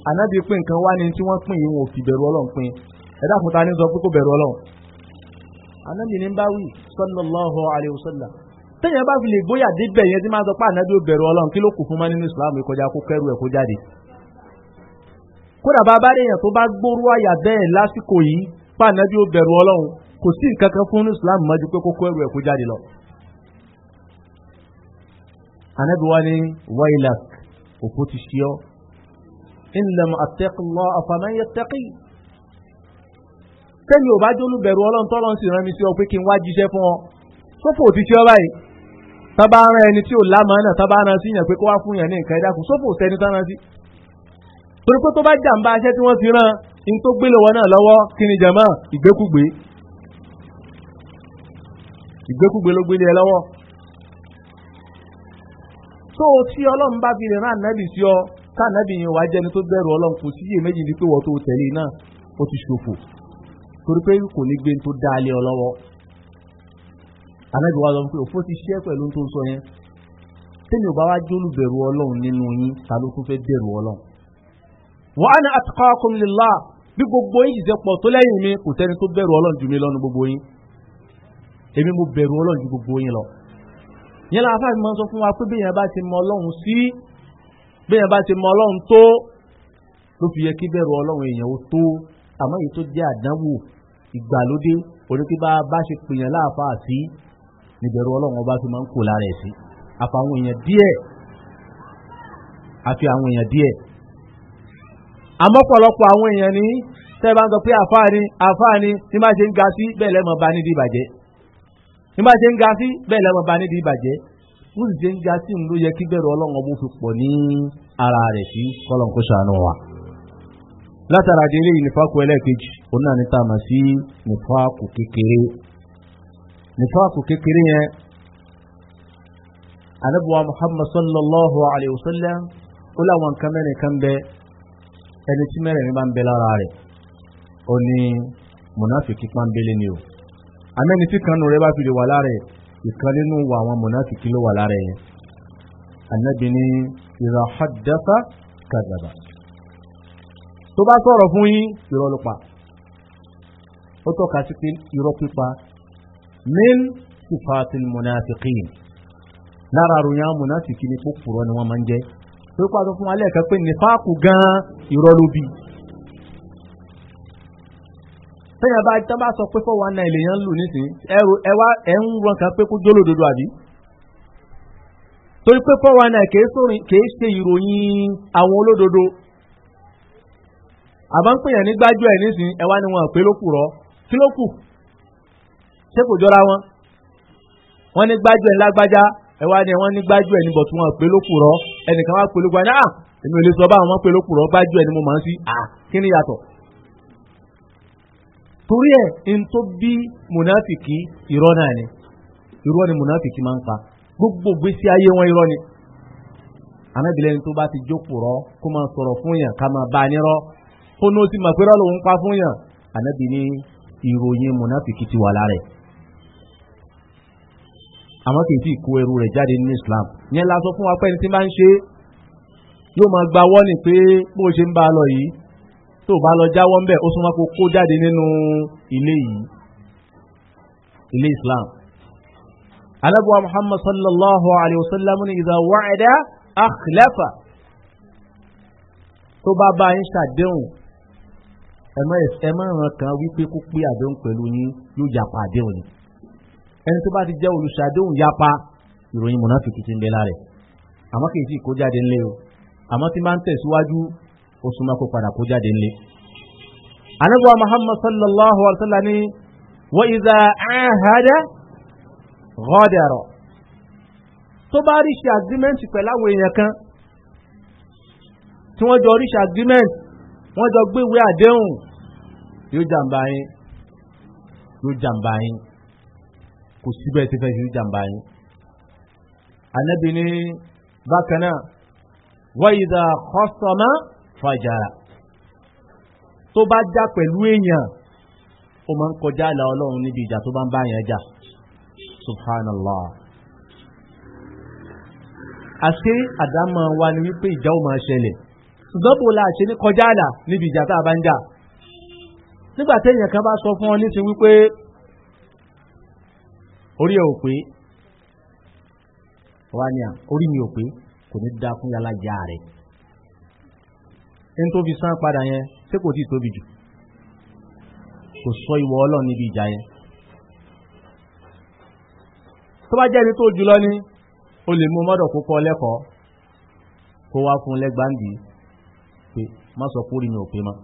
anabi pín nǹkan wá ní tí wọ́n pín yìí wọn ò fi bẹ̀rù ọlọ́run pín ẹ̀dá fún ta ni sọ pé kò bẹ̀rù ọlọ́run anábì ní bá wí sallallahu alayhi wa sallam tẹ́yìn bá fi lè gbóyà débẹ̀ yẹn tí máa sọ pé ànábì ò bẹ̀rù ọlọ́run kí ló kù fún mọ́ nínú ìsìlámù ìkọjá kó kẹ́rù ẹ̀ kó jáde kódà bá bá dèèyàn tó bá gbóró àyà bẹ́ẹ̀ lásìkò yìí pa ànábì bẹ̀rù ọlọ́run kò sí nǹkan kan fún islam mọ́jú pé kó kẹ́rù ẹ̀ kó jáde lọ. ànábì wa ni wailak sẹ́mi ò bá jólú bẹ̀rù ọlọ́run tọ́lọ́run sì rán mi sí ọ pé kí n wá jíṣẹ́ fún ọ sófò òtítí ọ báyìí tábà rán ẹni tí ò lámàá náà tábà rán sí yàn pé kó wá fún yàn ní nǹkan ẹ̀dá kù sófò sẹ́ni tán rán sí. torí pé tó bá jàǹbá aṣẹ́ tí wọ́n ti rán in tó gbé lọ́wọ́ náà lọ́wọ́ kí ni jàmá ìgbékùgbé ìgbékùgbé ló gbélé ẹ lọ́wọ́ tó o tí ọlọ́run bá fi lè rán ànábì sí ọ ká ànábì yẹn wàá jẹ́ni tó bẹ̀rù ọlọ́run kò síyè méjì ní pé wọ́n tó tẹ̀lé e náà ó ti ṣòfò torí pé kò ní gbé tó dá lé ọ lọ́wọ́ anábìwá lọ pé òfó ti ṣiṣẹ́ pẹ̀lú tó ń sọ yẹn tẹ́mi ò bá wá jólù bẹ̀rù ọlọ́run nínú yín ta ló tún fẹ́ bẹ̀rù ọlọ́run. wọ́n á ní atqakum lillah bí gbogbo yín ṣiṣẹ́ pọ̀ tó lẹ́yìn mi kò sẹ́ni tó bẹ̀rù ọlọ́run jù mí lọ́nu gbogbo yín èmi mo bẹ̀rù ọlọ́run ju gbogbo yín lọ. yẹn la fáfi máa ń sọ fún wa pé bẹ́ẹ̀ bá ti mọ ọlọ́run sí bẹ́ẹ̀ bá ti mọ ọlọ́run tó ló ìgbàlódé oníkí bá bá ṣe pèèyàn láàfáà sí níbẹ̀rù ọlọ́run ọba tó máa ń kó lára ẹ̀ sí àfi àwọn èèyàn díẹ̀ àfi àwọn èèyàn díẹ̀ àmọ́ àwọn èèyàn ní tẹ́ bá ń sọ pé àfáà ni àfáà ni ní má ṣe ń ga sí bẹ́ẹ̀ lẹ́mọ̀ bá nídìí ìbàjẹ́ ní má ṣe ń ga sí bẹ́ẹ̀ lẹ́mọ̀ bá nídìí ìbàjẹ́ wọ́n sì ṣe ń ga sí òun ló yẹ kí bẹ̀rù ọlọ́run ọba fi pọ̀ ní ara rẹ̀ sí kọ́lọ̀ òun náà ní tààmà sí nìfọ́àkù kékeré nìfọ́àkù kékeré yẹn anabuwa muhammad sallallahu alayhi wa sallam ó láwọn nǹkan mẹ́rin kan bẹ ẹni tí mẹ́rin bá ń bẹ lára rẹ̀ ó ní mùnáfìkì pọ́nbélé ni o amẹ́ni tí kanu rẹ̀ bá fi lè wà lára rẹ̀ ìkan nínú wa àwọn mùnáfìkì ló wà lára yẹn anabi ni ìrà kàdàbà tó bá sọ̀rọ̀ fún yín ìrọ̀lùpàá ó tọ́ka sí pé irọ́ pípa min sifatil munafiqin lára àròyìn àwọn munafiki ni kókòrò ni wọ́n máa ń jẹ́ tó pàtó fún alẹ́ kan pé nífàkù gan-an irọ́ ló bí. sẹ́yìn abá tán bá sọ pé four one nine lèèyàn lù nísìnyí ẹ wá ẹ ń wọn kan pé kó jólódodo àbí. torí pé four one kìí ṣe ìròyìn àwọn olódodo àbá ń pèèyàn ní gbájú ẹ̀ nísìnyí ẹ wá ní wọn pé ló kù rọ́ kí ló kù ṣé kò jọra wọn wọn ní gbájú ẹ̀ lágbájá ẹ wá ní wọn ní gbájú ẹ̀ níbọ̀ tí wọn pè lókù rọ ẹnìkan wá pè lókù rọ ah èmi sọ báwọn wọn pè lókù rọ gbájú ẹ̀ ni mo máa ń sí ah kí ni yàtọ̀ torí ẹ̀ n tó bí mùnáfìkì irọ́ náà ni irọ́ ni mùnáfìkì máa ń pa gbogbo gbèsè ayé wọn irọ́ ni anábìlẹ̀ ní tó bá ti jókòó rọ kó máa sọ̀rọ̀ fún yàn ká máa bá a nírọ́ kó ní ó ti mọ̀ pé rọ́ lòun pa fún yàn anábìlẹ̀ ìròyìn mùnáfìkì ti wà lára àmọ́ kì í sì kó ẹrù rẹ̀ jáde nínú Islam yẹn la sọ fún wa pé ẹni tí máa ń ṣe yóò máa gba wọ́nì pé bó ṣe ń bá a lọ yìí tó bá lọ jáwọ́ ńbẹ̀ ó súnmọ́ kó kó jáde nínú ilé yìí ilé Islam. alábùwà Muhammad sallallahu alayhi wa sallam ní idha wa'ada akhlafa tó bá bá ń ṣàdéhùn ẹ má ràn kan wípé kó pé àdéhùn pẹ̀lú yín yóò yapa àdéhùn ni ẹni tó bá ti jẹ́ olùṣàdéhùn yapa ìròyìn mùnáfíkì ti ń bẹ lára ẹ̀ àmọ́ kì í sì kó jáde ńlẹ̀ o àmọ́ tí máa ń tẹ̀síwájú ó súnmọ́ kó padà kó jáde ńlẹ̀. anábọ̀ muhammad sallallahu alaihi wa sallam ni wa ìdá ahada gọ́dẹ̀rọ̀ tó bá rí ṣe agreement pẹ̀lú àwọn èèyàn kan tí wọ́n jọ rí ṣe agreement wọ́n jọ gbéwé àdéhùn yóò jàǹbá yín yóò jàǹbá yín kò síbẹ̀ tí fẹ́ yóò jàǹbá yín. anabi ní bákan náà wáyídà kọ́sọ̀mọ́ fàjà tó bá já pẹ̀lú èèyàn ó máa ń kọjá àlà ọlọ́run níbi ìjà tó bá ń bá yẹn jà subhanallah àṣé àdámọ̀ wa ni wípé ìjà ó máa ṣẹlẹ̀ ṣùgbọ́n bò la ṣe ní kọjá àlà níbi ìjà tá a bá ń jà nígbà tí èèyàn kan bá sọ fún ọ ní ti wípé orí ẹ̀ ò pé wá ní à orí mi ò pé kò ní dá fún yàrá ìyá rẹ̀ ní tó fi sán padà yẹn tí kò tí tóbi jù kò sọ ìwọ ọlọ́run níbi ìjà yẹn tó bá jẹ́ ẹni tó jùlọ ní o lè mú mọ́dọ̀ kó kọ́ lẹ́kọ̀ọ́ kó wá fún lẹ́gbàndì pé má sọ kórìí mi ò pé mọ́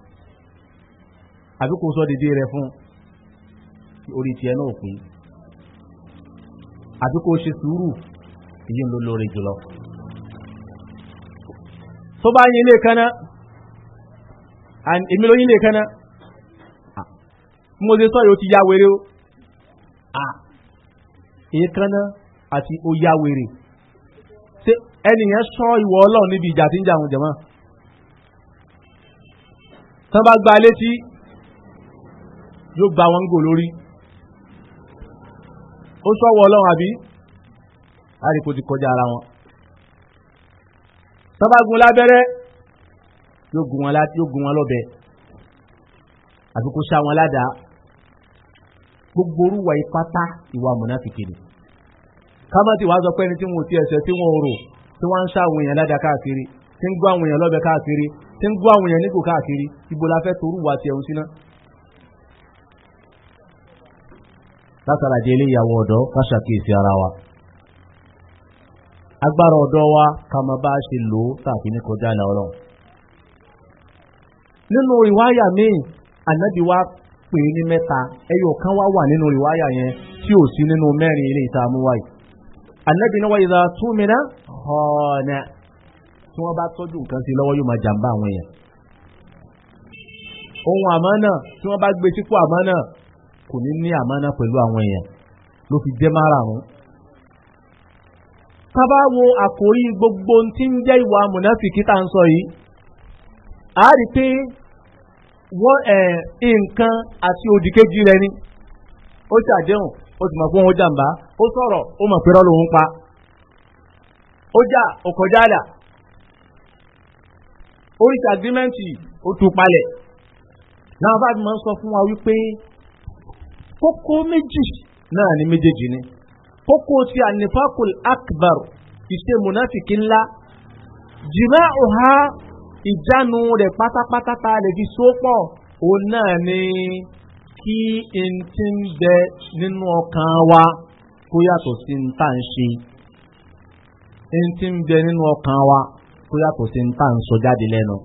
àbí kò sọ dédé rẹ fún orí tiẹ̀ náà pé àbí kò ṣe sùúrù èyí ló lóore jùlọ tó bá yin ilé kan èmi ló yin ilé kan ah. mo ṣe sọ yóò ti ya wèrè o ah. èékánná àti oya wèrè ẹnìyàn sọ ìwọ ọlọ́run níbi ìjà tí ń jà àwọn jẹ̀mọ́ tán bá gba létí yóò gba wọn gò lórí ó sọ́wọ́ ọlọ́run àbí àríkò ti kọjá ara wọn tọ́bágun lábẹ́rẹ́ yóò gùn wọn láti yóò gùn wọn lọ́bẹ̀ àfi kó sá wọn ládàá gbogbo orúwa ipátá ìwà mọ̀nàfìkì ni kámátì wàá sọ pé ẹni tí wọn ò ti ẹsẹ̀ tí wọn ò rò tí wọ́n ń sá àwọn èèyàn ládàá káàkiri tí ń gbọ́ àwọn èèyàn lọ́bẹ̀ káàkiri tí ń gbọ́ àwọn èèyàn nígò káàkiri ibo la fẹ́ torúwa tiẹ̀ ń síná. látara délé ìyàwó ọ̀dọ́ ká ṣàkíyèsí ara wa agbára ọ̀dọ́ wa ká mọ bá ṣe lò ó tàbí ní kọjá ìlà ọlọ́run nínú ìwáyà míì ànábì wa pè é ní mẹ́ta ẹyọ kan wá wà nínú ìwáyà yẹn tí ò sí nínú mẹ́rin ilé ìta múwáyì náà wáyé dáa tún mi ohun àmọ́ náà tí wọ́n bá gbé kò ní ní àmánà pẹ̀lú àwọn èèyàn ló fi jẹ́ márààrún. ká bá wo àkórí gbogbo tí ń jẹ́ ìwà mùnáfìkì tá à ń sọ yìí a rí pé wọ́n ẹ̀ nǹkan àti òdìkejì rẹ ni ó ṣàdéhùn ó sì mọ̀ pé òun jàǹbá ó sọ̀rọ̀ ó mọ̀ pé rọ́ọ̀lù pa ó jà ó kọjá àdà oríṣi agírímẹ́ǹtì ó tú palẹ̀ náà bá ti máa ń sọ fún wa wípé kókó méjì náà ni méjèèjì ni kókó ti anifakul akbar ìṣe munafiki ńlá jìmá ọ̀há ìjánu rẹ̀ pátápátá ta lè fi sópọ̀ òun náà ni kí n ti ń bẹ nínú ọkàn wa kó yàtọ̀ sí n tá à ṣe n ti ń bẹ nínú ọkàn wa kó yàtọ̀ sí n tá à sọ jáde lẹ́nu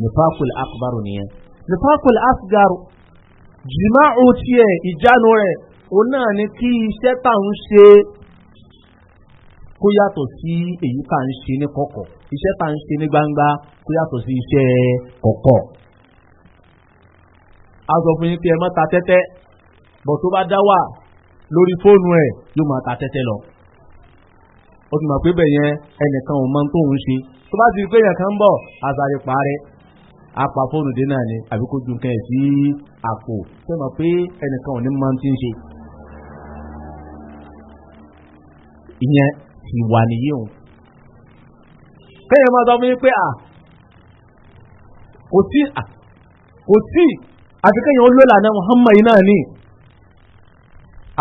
nifakul akbar nìyẹn nifakul asgar jìmáà tiẹ̀ ìjánu rẹ̀ òun náà ni kí iṣẹ́ tá à ń ṣe kó yàtọ̀ sí èyí tá à ń ṣe ní kọ̀kọ̀ iṣẹ́ tá à ń ṣe ní gbangba kó yàtọ̀ sí iṣẹ́ kọ̀kọ̀. a sọ fún yín pé ẹ má ta tẹ́tẹ́ bọ̀ tó bá dá wà lórí fóònù ẹ̀ yóò máa ta tẹ́tẹ́ lọ. ó ti mọ̀ pé bẹ̀yẹn ẹnìkan ò mọ tó ń ṣe tó bá ti rí pé èèyàn ń bọ̀ àzàrí parí apá fóònù dé náà ni àbí kó ju nǹkan ẹ̀ sí àpò tó mọ̀ pé ẹnìkan ò ní máa ti ń ṣe. ìyẹn ìwà nìyí òun. kéèyàn máa sọ fún yín pé à kò sí kò sí àti kéèyàn ó lọ́lànà muhammad náà ni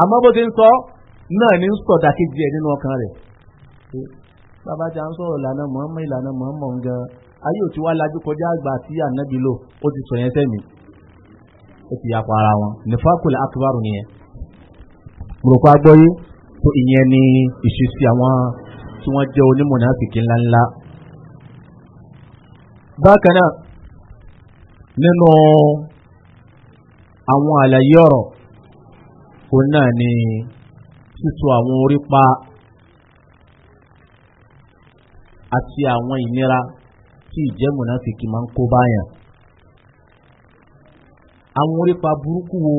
àmọ́ bó ti ń sọ náà ní sọ̀dà kejì ẹ̀ nínú ọkàn rẹ̀. bàbá jà ń sọ̀rọ̀ lànà muhammad ìlànà muhammad gan-an ayé ò ti wá lajú kọjá àgbà tí ànábi lò ó ti sọ yẹn sẹ́mi ó ti yàpọ̀ ara wọn nìfàkùlẹ̀ akíbárù nìyẹn mùrùkọ́ agbọ́yé tó ìyẹn ni ìṣesí àwọn tí wọ́n jẹ́ onímọ̀nàfìkì ńláńlá bákan náà nínú àwọn àlàyé ọ̀rọ̀ òun náà ni sísọ àwọn orí pa àti àwọn ìnira tí ìjẹ́ mùnáfíkì máa ń kó báyàn àwọn orípa burúkú wo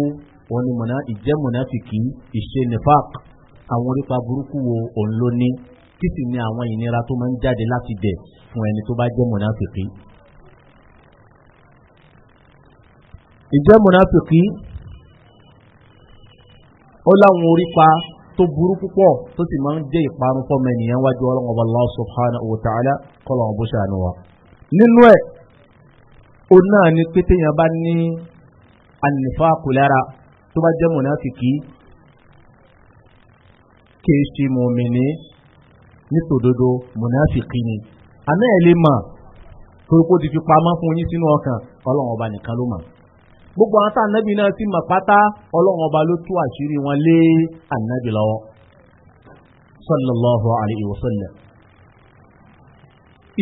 òun ni mọ̀nà ìjẹ́ mùnáfíkì ìṣe nifaq àwọn orípa burúkú wo òun ló ní kí sì ni àwọn ìnira tó máa ń jáde láti dẹ̀ fún ẹni tó bá jẹ́ mùnáfíkì. ìjẹ́ mùnáfíkì ó láwọn orípa tó burú púpọ̀ tó sì máa ń jẹ́ ìparun fọ́mọ ènìyàn wájú ọlọ́run ọba Allah subhanahu wa ta'ala kọ́lọ̀ ọ̀bùsà ni wa nínú ẹ̀ o náà ni pé téèyàn bá ní ànífà kò lára tó bá jẹ́ mọ̀nàfìkì kìí ṣe mọ̀mìnì nítòdodo mọ̀nàfìkì ni àmọ́ ẹ̀ lè mọ̀ torípò ti fi pamọ́ fún yín sínú ọkàn ọlọ́run ọba nìkan ló mọ̀ gbogbo àwọn tá ànábì náà ti mọ̀ pátá ọlọ́run ọba ló tú àṣírí wọn lé ànábì lọ́wọ́ sallallahu alayhi wa sallam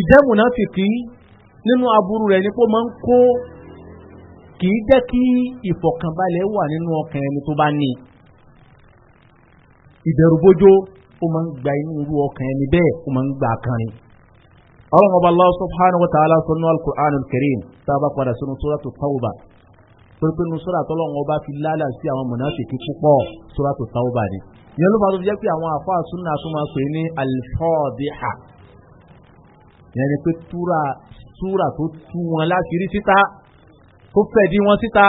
ìjẹ́ mọ̀nàfìkì nínú aburú rẹ̀ ni pé ó máa ń kó kì í jẹ́ kí ìfọ̀kànbalẹ̀ wà nínú ọkàn ẹni tó bá ní ìbẹ̀rùbójó ó máa ń gba inú irú ọkàn ẹni bẹ́ẹ̀ ó máa ń gba kan ni. ọlọ́run ọba allah subhanahu wa ta'ala sọ́nù al-Qur'an al-Karim tá a bá padà sínú suratu Tawba torí pé nusura tọ́lọ́run ọba fi lálà sí àwọn mọ̀nàfíkì púpọ̀ suratu Tawba ni. ìyẹn ló máa tó jẹ́ pé àwọn àfa sunna tó máa súra tó tú wọn láti rí síta tó fẹ̀dí wọn síta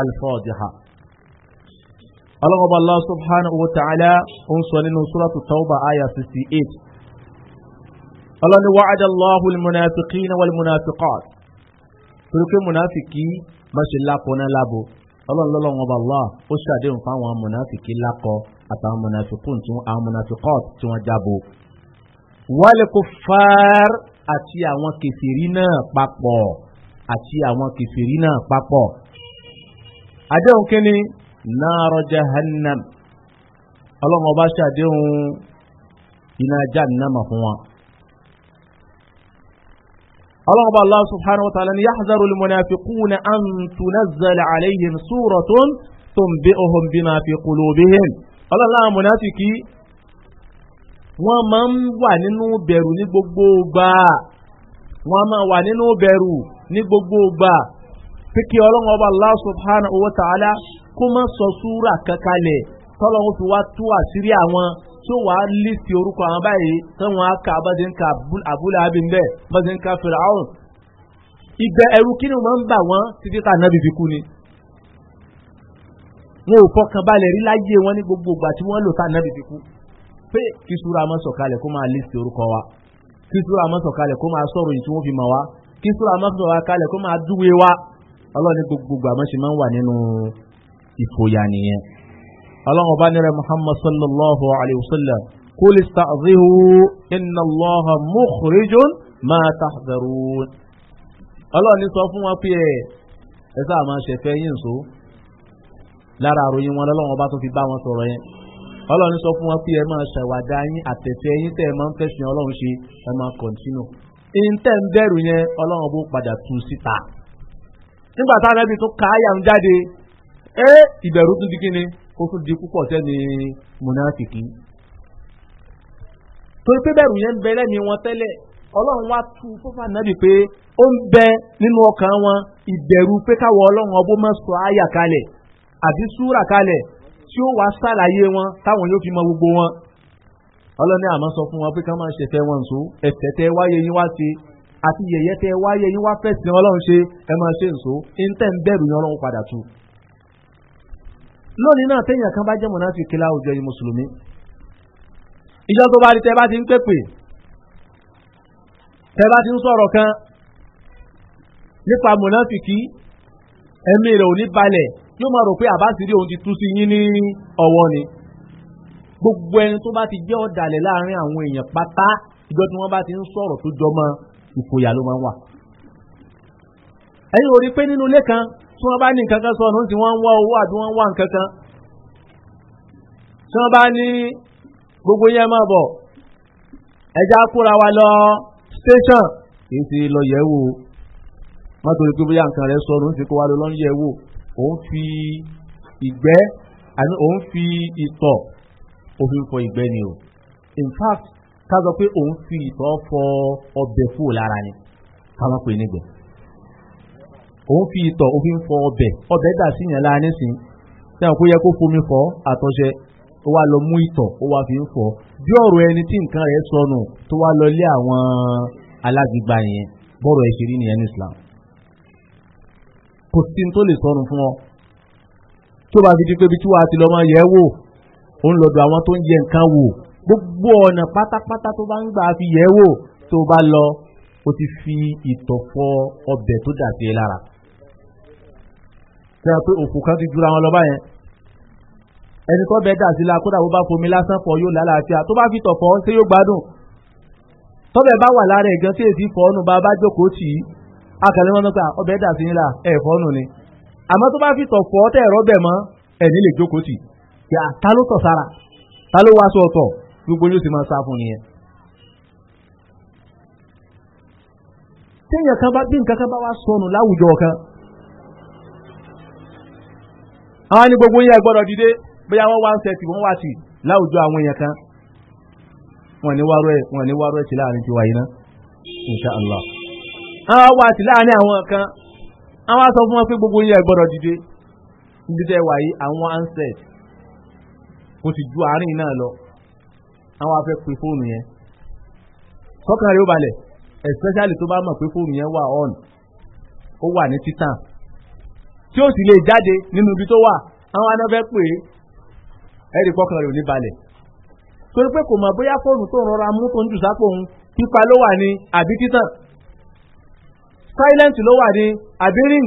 alifọ́ọ̀dìhà. ọlọ́mọba allah subhanahu wa ta'ala ń sọ nínú súra tó tọ́wọ́bà àyà sixty eight. ọlọ́ni wàcàdà allahu almunafiqina walmunafiqat. turuki munafiki ma ṣe lápò náà lábo ọlọ́run lọ́lọ́run ọba allah ó ṣàdéhùn fáwọn amúnáfikì lákọ àtàwọn amúnáfikún tí wọ́n amúnáfikọ́ tí wọ́n jábọ̀. wálé kò fàár àti àwọn kèfèrí náà papọ̀ àti àwọn kèfèrí náà papọ̀ àdéhùn kínní náàrọ̀ jahannam ọlọ́run ọba ṣàdéhùn iná jahannama fún wọn. الله الله سبحانه وتعالى يحذر المنافقون أن تنزل عليهم سورة تنبئهم بما في قلوبهم قال الله منافقي wọ́n máa ń wà nínú bẹ̀rù ní gbogbo gbà wọ́n máa wà nínú bẹ̀rù ní gbogbo gbà pé kí ọlọ́run ọba allah subhanahu wa ta'ala kó má sọ súra kankanlẹ̀ tọ́lọ́run fi wá tú àṣírí àwọn tó wà á lísì orúkọ àwọn báyìí táwọn á ka bá ti ń ka abúlé abin bẹ́ẹ̀ bá ti ń ka fèrè àwọn. ìgbẹ́ ẹrú kí ni wọ́n ń bà wọ́n títí tá ànábì fi kú ni. wọn ò fọkàn balẹ̀ rí láyé wọn ní gbogbo ìgbà tí wọ́n lò tá ànábì fi kú pé kí súra máa sọ̀kalẹ̀ kó máa list orúkọ wa kí súra máa sọ̀kalẹ̀ kó máa sọ̀rọ̀ yìí tí wọ́n fi mọ̀ wá kí súra máa sọ̀rọ̀ kalẹ̀ kó máa dúwe wa ọlọ́run ní gbogbo àmọ́ ṣe máa ń wà nínú ìfòyà nìyẹn. ọlọ́run ọba nírẹ̀ muhammad sallallahu alayhi wa sallam kó lè sàzíhu iná lọ́ha mùkúrẹ́jọ́n máa tàzẹ̀rún. ọlọ́run sọ fún wa pé ẹ sáà máa ṣẹ̀fẹ́ yín so lára àròyìn wọn lọ́wọ́ ọba tó fi bá wọn sọ̀rọ̀ yẹn ọlọ́run sọ fún wọn pé ẹ máa ṣàwàdà yín àtẹ̀tẹ̀ yín tẹ́ ẹ máa ń fẹ́sìn ọlọ́run ṣe ẹ máa kọ̀ntínù ìǹtẹ̀ ń bẹ̀rù yẹn ọlọ́run bó padà tu síta nígbà tá a rẹ́bi tó ka àyà ń jáde ẹ ìbẹ̀rù tún di kíni ó tún di púpọ̀ tẹ́ni mùnáfìkì torí pé bẹ̀rù yẹn ń bẹ lẹ́mìí wọn tẹ́lẹ̀ ọlọ́run wá tu fúnfà nábì pé ó ń bẹ nínú ọkàn wọn ìbẹ̀rù pé káwọ ọlọ́run ọbó mọ́ sọ àyà kalẹ̀ àbí súrà kalẹ̀ tí ó wá sàlàyé wọn táwọn yóò fi mọ gbogbo wọn ọlọ́ni àmọ́ sọ fún wọn pé ká máa ṣẹ̀fẹ̀ wọn nṣó ẹ̀tẹ̀ tẹ wáyé yín wá sí àti yẹ̀yẹ́ tẹ wáyé yín wá fẹ́ sin ọlọ́run ṣe ẹ máa ṣe nṣó ntẹ̀ ń bẹ̀rù yín ọlọ́run padà tu. lónìí náà téèyàn kan bá jẹ́ mọ̀nàfíkì láwùjọ yìí mùsùlùmí ìjọ tó bá rí tẹ bá ti ń pèpè tẹ bá ti ń sọ̀rọ̀ kan nípa mọ̀nàfíkì ẹ̀mí rẹ̀ ò ní balẹ̀ yóò máa rò pé àbá ti rí òun ti tú sí yín ní ọwọ́ ni gbogbo ẹni tó bá ti jẹ́ ọ̀dàlẹ̀ láàrin àwọn èèyàn pátá ìjọ tí wọ́n bá ti ń sọ̀rọ̀ tó jọmọ ìfòyà ló máa ń wà. ẹ̀yin ò rí pé nínú ilé kan tí wọ́n bá ní nǹkan kan sọ̀rọ̀ tí wọ́n ń wá owó àbí wọ́n ń wá nǹkan kan tí wọ́n bá ní gbogbo yẹn máa bọ̀ ẹja kóra wa lọ station kì í ti lọ yẹ̀ wò má torí pé bóyá nǹkan rẹ̀ sọ̀rọ̀ ti kó wa lọ lọ́n yẹ̀ wò òun fi ìgbẹ́ àní òun fi ìtọ̀ òfin fọ ìgbẹ́ ni o in fact ká sọ pé òun fi ìtọ̀ fọ ọbẹ̀ kúrò lára ni ká má pè nígbẹ̀ òun fi ìtọ̀ òfin fọ ọbẹ̀ ọbẹ̀ dà sí ìyànlá nísìn tẹ́wọ̀n kó yẹ kó fomi fọ àtọ̀ṣẹ ó wá lọ mú ìtọ̀ ó wá fi ń fọ bí ọ̀rọ̀ ẹni tí nǹkan rẹ̀ sọnù tó wá lọ lé àwọn alágbègbà yẹn bọ́rọ̀ ẹ̀ nìyẹn ní Islam kò sí tó lè sọnù fún ọ tó bá fi di pé ibi tí wàá ti lọ máa yẹ wò ó ń lọ́dọ̀ àwọn tó ń yẹ nǹkan wò gbogbo ọ̀nà pátápátá tó bá ń gbà fi yẹ wò tó bá lọ ó ti fi ìtọ̀fọ̀ ọbẹ̀ tó dà sí ẹ lára ṣe pé òkú kan ti jura wọn lọ báyẹn ẹni tó bẹ dà sí la kódà bó bá fomi lásán fọ yóò lálàáfíà tó bá fi tọ̀fọ̀ ṣé yóò gbádùn tọ́bẹ̀ bá wà lára ẹ̀gán tí èsì fọ́ ọ́nù bá bá jókòó tì í aka wọn nípa ọbẹ̀ dà sí nílà ẹ̀fọ́ nù ni àmọ́ tó bá fi tọ̀ fọ́ tẹ̀ ẹ̀rọ bẹ̀ mọ́ ẹ̀ní lè jókòó tì yà ta ló tọ̀ sára ta ló wá ọ̀tọ̀ gbogbo yóò sì máa sá fún nìyẹn. téèyàn kan bá bí nǹkan kan bá wá sọnù láwùjọ kan àwọn ní gbogbo yẹn gbọ́dọ̀ dìde bóyá wọ́n wá ń sẹ́ẹ̀tì wọn wá láwùjọ àwọn kan ní ní àwọn wà tí láàrin àwọn kan àwọn sọ fún wọn pé gbogbo yín gbọ́dọ̀ dìde dídẹ wà yìí àwọn ansẹt kò sì ju àárín náà lọ àwọn afẹ́ pé fóònù yẹn kọ́kàn rẹ̀ ó balẹ̀ especially tó bá mọ̀ pé fóònù yẹn wà on ó wà ní títàn tí ó sì lè jáde nínú ibi tó wà àwọn anáfẹ́ pè é ẹ̀rí kọ́kàn rẹ̀ ò ní balẹ̀ torí pé kò mọ̀ bóyá fóònù tó ń rọra mú tó ń jù sápò òun pípa ló wà ní àbí títàn silent ló wà ní àbí ring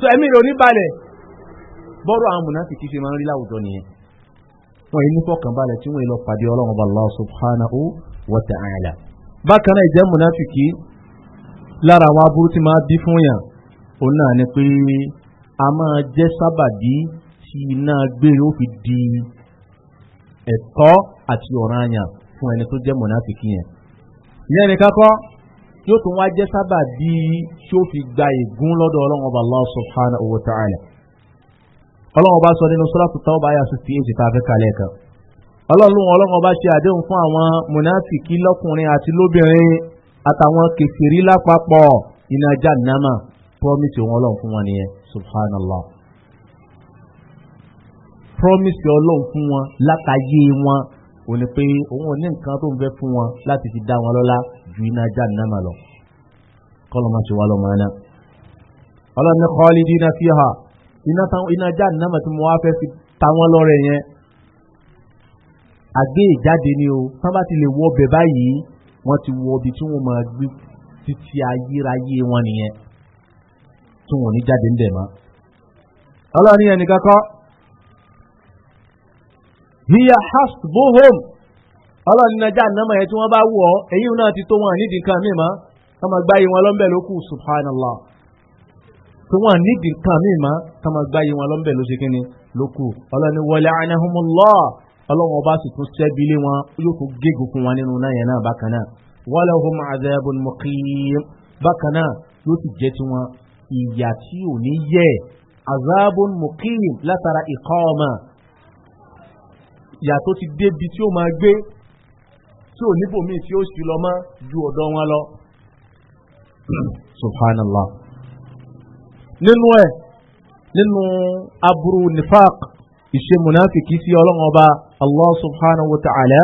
so ẹ̀mí rẹ̀ oníbalẹ̀ bọ́rọ̀ àwọn mùnàfíkì ṣe máa ń rí láwùjọ nìyẹn wọn yìí ní fọkànbalẹ̀ tí wọ́n yìí lọ pàdé ọlọ́run bá lọ́wọ́ subhanahu wa ta'ala bákan náà ìjẹ́ mùnàfíkì lára àwọn aburú tí máa bí fún yàn òun náà ni pé a máa jẹ́ sábàdí tí iná gbére ó fi di ẹ̀tọ́ àti ọ̀ranyàn fún ẹni tó jẹ́ mùnàfíkì yẹn ìyẹn ni kákọ́ yóò tún wá jẹ́ sábà bí tí ó fi gba ìgún lọ́dọ̀ ọlọ́run ọba Allah subhanahu wa ta'ala ọlọ́run ọba sọ nínú sọ́lá tuntun ọba ayà sixty eight tá a fẹ́ kalẹ̀ kan ọlọ́run ọlọ́run ọba ṣe àdéhùn fún àwọn mùnáfìkì lọ́kùnrin àti lóbìnrin àtàwọn kèfèrí lápapọ̀ iná jahannama promise òun ọlọ́run fún wọn nìyẹn subhanallah promise ọlọ́run fún wọn látàyé wọn òní pé òun ò ní nǹkan tó ń fẹ́ fún wọn láti fi dá wọn lọ́lá ju iná jahannama lọ kọlọmọ ṣe wà lọmọ iná ọlọ́run ní khalidina fiha iná jahannama tí mo wá fẹ́ fi ta wọ́n lọ́rẹ̀ yẹn àgbé ìjáde ni o tán bá ti lè wọ ọbẹ̀ báyìí wọ́n ti wọ ibi tí wọ́n máa gbé títí ayérayé wọn nìyẹn tí wọ́n ní jáde ń bẹ̀ mọ́. ọlọ́run ní ẹnì kankan hiya hasbuhum ọlọ́run nínú ajá ànámọ̀ yẹn tí wọ́n bá wù ọ́ èyí náà ti tó wọn nídìí nǹkan míì mọ́ ká máa gbáyé wọn lọ́nbẹ̀ ló kù subhanallah tí wọn nídìí nǹkan míì mọ́ ká máa gbáyé wọn lọ́nbẹ̀ ló ṣe kí ni ló kù ọlọ́run ni wọlé anahumullah ọlọ́run sì tún ṣẹ́bi wọn yóò tún gégùn fún wọn nínú náà yẹn náà bákan náà wọlé ohun azẹ́bùn mọ̀kìm bákan náà yóò ti débi tí ò níbò míì tí ó sì lọ mọ́ ju ọ̀dọ̀ wọn lọ. subhanallah nínú ẹ nínú aburú nifaq ìṣe munafiki sí ọlọ́run ọba allah subhanahu wa ta'ala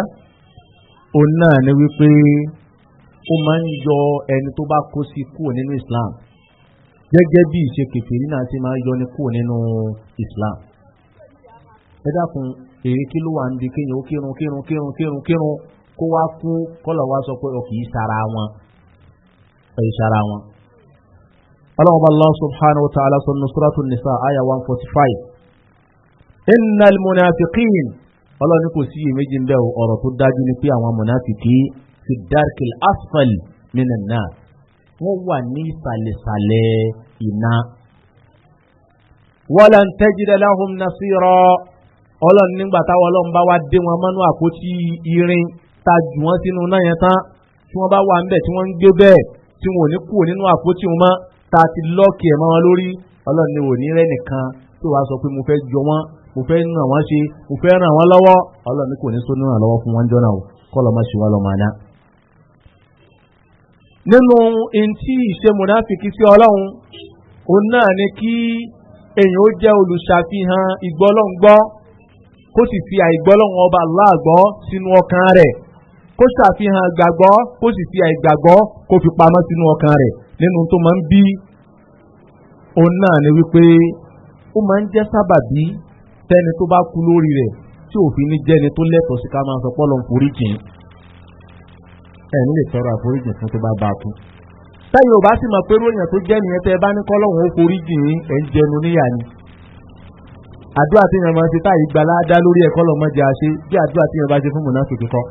òun náà ni wípé ó máa ń yọ ẹni tó bá kó sí kúrò nínú islam gẹ́gẹ́ bí ìṣe kèfèrí náà ti máa ń yọ ní kúrò nínú islam ẹ dákun èrè kí ló wà níbi kéèyàn ó kírun kírun kírun kírun kírun kó wá fún kọ́lọ̀ wá sọ pé ọkì í sara wọn ẹ̀yìn sara wọn. ọlọ́run bá lọ́wọ́ subhanahu wa ta'ala sọ nusratu nisa aya one forty five. inna almunafiqin ọlọ́run ní kò sí iyèméjì ń bẹ́ ọ̀rọ̀ tó dájú ni pé àwọn munafiki fi darkil asfal minan nas wọ́n wà ní ìsàlẹ̀sàlẹ̀ iná. wọ́lá ń tẹ́jìdẹ́ láhùn nasírọ̀ ọlọ́run nígbà táwọn ọlọ́run bá wá dé wọn mọ́nú àpótí irin ta jù wọ́n sínú náà yẹn tán tí wọ́n bá wà bẹ̀ tí wọ́n ń gbé bẹ́ẹ̀ tí wọn ní kúrò nínú àpótí wọn ta ti lọ́ọ̀kì ẹ̀ mọ́ wọn lórí ọlọ́run ni ò nìkan tó wàá sọ pé mo fẹ́ jọ wọ́n mo fẹ́ ràn wọ́n ṣe mo fẹ́ ràn lọ́wọ́ fún wọn jọ́nà o kọ́ ṣe nínú ntí ìṣe sí ọlọ́run òun náà ni kí èèyàn ó jẹ́ olùṣàfihàn ìgbọ́lọ́ngbọ́ kó sì fi ọba kó ṣàfihàn gbàgbọ́ kó sì fi àìgbàgbọ́ kó fi pamọ́ sínú ọkàn rẹ̀ nínú tó máa ń bí òun náà ni wípé ó máa ń jẹ́ sábàbí tẹ́ni tó bá kú lórí rẹ̀ tí òfin ní jẹ́ni tó lẹ́tọ̀ọ́ sí ká máa sọ pọ́lọ́ foríjìn ẹ̀mí lè tọrọ àforíjìn fún tó bá bá kú. táyà ò bá sì mọ̀ pé ròyìn tó jẹ́ nìyẹn tẹ́ ẹ bá ní kọ́lọ́hún ó foríjìn ẹ̀ ń jẹnu níyà ni. àdúrà tí yẹn máa ń ṣe táyà ìgbàlá dá lórí ẹ̀kọ́ lọ́mọdé àṣe bí àdúrà tí yẹn bá ṣe fún mùnà kìkì kọ́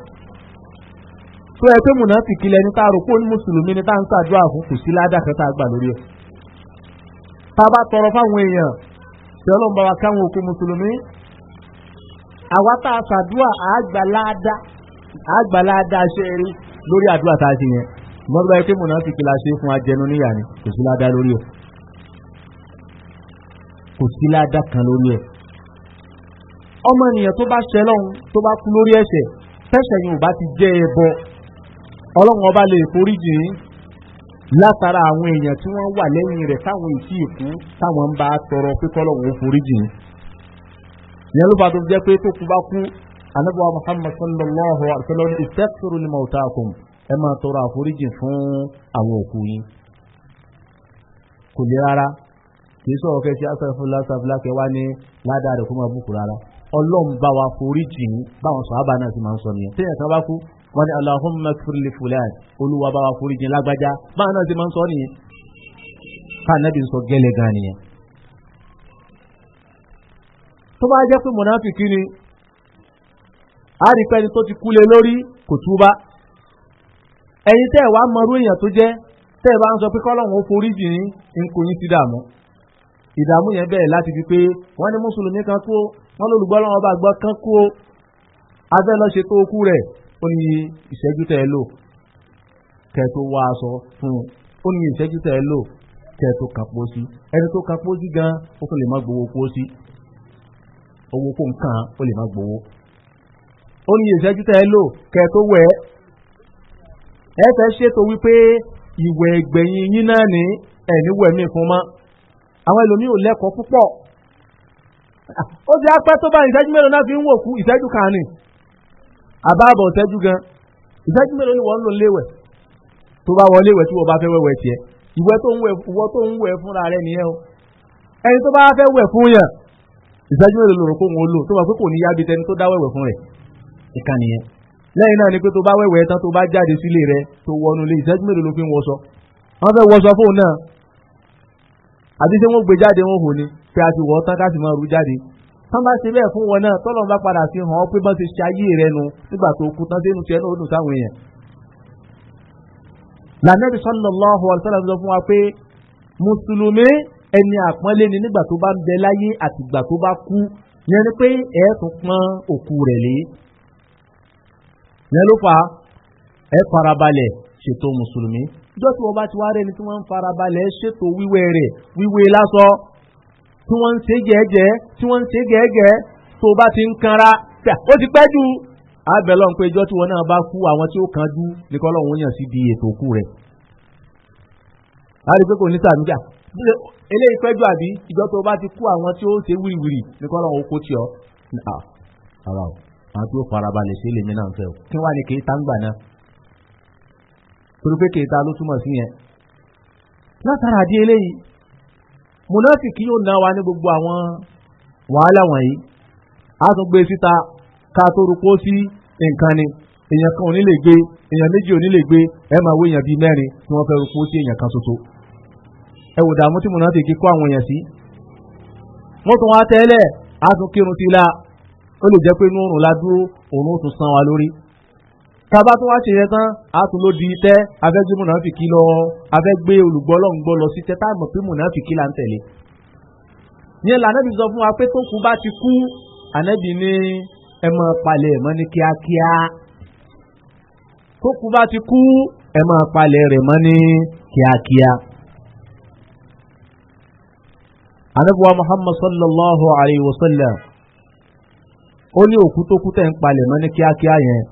tó ẹ pé mùnàfíkì lẹni tá a rò pé ó ní mùsùlùmí ni tá à ń ṣàdúrà fún kò sí ládàá kan tá a gbà lórí ẹ̀. tá a bá tọrọ fáwọn èèyàn tí ọlọ́run bá wa káwọn òkú mùsùlùmí àwa tá a ṣàdúrà àgbà ládàá ṣe rí lórí àdúrà tá a ṣe yẹn mọ́tò báyìí pé mùnàfíkì la ṣe fún ajẹnu níyà ni kò sí ládàá lórí ẹ̀ kò sí ládàá kan lórí ẹ̀ ọmọ ènìyàn tó bá ṣẹlọ́run ọlọ́run ọba lè forí jìn látara àwọn èèyàn tí wọ́n wà lẹ́yìn rẹ̀ táwọn ìtì ìkú táwọn ń bá tọrọ pé kọ́lọ́run ó forí jìn ìyẹn ló bá jẹ́ pé tó kú bá kú anabiwa muhammad sallallahu alaihi wa sallam istaghfiru li mawtakum ẹ máa tọrọ àforíjì fún àwọn òkú yín kò lè rárá kì í sọ̀rọ̀ kẹ́sí asàfúnlá sàfúnlá kẹwà ní ládàá rẹ̀ kó máa bùkù rárá ọlọ́run bá wa foríjì báwọn sọ wọ́n ní Allahumma firli fulan olúwa bá wa foríjìn lágbájá báwọn náà ti máa ń sọ nìyẹn káànábì ń sọ gẹ́lẹ́ gan nìyẹn. tó bá jẹ́ pé mọ̀nàfíkì ni a rí pẹ́ni tó ti kú lé lórí kò túbá ẹ̀yin tẹ́ ẹ̀ wá mọ̀rú èèyàn tó jẹ́ tẹ́ ẹ̀ bá ń sọ pé kọ́lọ́hún ó foríjìn ní nkò yín dààmú ìdààmú yẹn bẹ̀rẹ̀ láti fi pé wọ́n ní mùsùlùmí kan kú wọ́n lólùgbọ́ ó ní ìṣẹ́jú tẹ́ ẹ lò kẹ́ tó wá aṣọ fún un ó ní ìṣẹ́jú tẹ́ ẹ lò kẹ́ tó kàpó sí ẹni tó kàpó sí gan ó tún lè má gbowó kó sí owó kó nǹkan ó lè má gbowó ó ní ìṣẹ́jú tẹ́ ẹ lò kẹ́ wẹ̀ ẹ fẹ́ ṣètò wípé ìwẹ̀ ẹgbẹ̀yìn yín náà ní ẹ̀ní wẹ̀mí fún mọ́ àwọn ẹlòmíì ò lẹ́kọ̀ọ́ púpọ̀ ó ti apẹ́ tó bá ìṣẹ́jú mélòó náà fi ń wò kú ìṣẹ́jú kan ni àbáàbọ̀ ìtẹ́jú gan ìtẹ́jú mélòó ni wọ́n ń lò léwẹ̀ tó bá wọlé wẹ̀ tí wọ́n bá fẹ́ wẹ̀wẹ̀ tiẹ̀ ìwẹ́ tó ń wẹ̀ ìwọ́ tó ń wẹ̀ fúnra rẹ nìyẹn o ẹni tó bá fẹ́ wẹ̀ fún yàn ìtẹ́jú mélòó lòrò kó wọn lò tó bá pé kò ní yábi tẹni tó dá wẹ̀wẹ̀ fún rẹ̀ ìka nìyẹn lẹ́yìn náà ni pé tó bá wẹ̀wẹ̀ tán tó bá jáde sílé rẹ tó wọnú lé ìtẹ́jú mélòó ló fi ń wọṣọ wọ́n fẹ́ wọṣọ fóun náà àti ṣé wọ́n gbé jáde wọn hò ni pé tán bá ṣe bẹ́ẹ̀ fún wọn náà tọ́lọ́run bá padà fi hàn ọ́ pé bọ́n ti ṣe ayé rẹ nu nígbà tó kú tán dénú tiẹ̀ náà ó dùn sáwọn èèyàn. lànàbí sallallahu alaihi wasallam sọ fún wa pé mùsùlùmí ẹni àpọ́nlé ni nígbà tó bá ń bẹ láyé àtìgbà tó bá kú yẹn ni pé ẹ̀ẹ́tún pọ́n òkú rẹ̀ lé yẹn ló fà ẹ farabalẹ̀ ṣètò mùsùlùmí jọ́sí wọn bá ti wá rẹ́ni tí wọ́n ń ṣe jẹ́ẹ́jẹ́ tí wọ́n ń ṣe gẹ́gẹ́ tó bá ti ń kanra ó ti pẹ́ jù àbẹ̀ ijọ́ tí wọn náà bá kú àwọn tí ó kan jú ní lọ́wọ́ yàn di ètò òkú rẹ̀ láti pé kò ní eléyìí àbí tó bá ti kú àwọn tí ó ṣe wìrìwìrì lọ́wọ́ kó àwa o àwọn tí ó farabalẹ̀ ṣe náà o kí wàá ní ta ń gbà náà torí ta ló túmọ̀ sí yẹn látara àdí mùnáfìkì yóò ná wa ní gbogbo àwọn wàhálà wọ̀nyí a tún gbé e síta ká tó rúpó sí nǹkan ni èèyàn kan ò ní lè gbé èèyàn méjì ò ní lè gbé ẹ máa wé èèyàn bíi mẹ́rin tí wọ́n fẹ́ rúpó sí èèyàn kan ṣoṣo ẹ wò dààmú tí mùnáfìkì kó àwọn èèyàn sí wọ́n tún wá tẹ́lẹ̀ a tún kírun sí la ó lè jẹ́ pé inú òrùn la dúró òrùn ó tún san wa lórí tàbá tó wá ṣe yẹn tán a tún ló di tẹ́ afẹ́gbé mùnàfìkì lọ afẹ́gbé olùgbọ́ lọ́ngbọ́ lọ sí tẹ́ tá a mọ̀ pé mùnàfìkì là ń tẹ̀lé. yẹn lànàbì sọ fún wa pé tó kú bá ti kú ànàbì ní ẹ máa palẹ̀ ẹ̀ mọ́ ní kíákíá tó kú bá ti kú ẹ palẹ̀ rẹ̀ mọ́ ní kíákíá. anabuwa muhammad sallallahu alayhi wa sallam ó ní òkú tó kú tẹ̀ ń palẹ̀ mọ́ ní kíákíá yẹn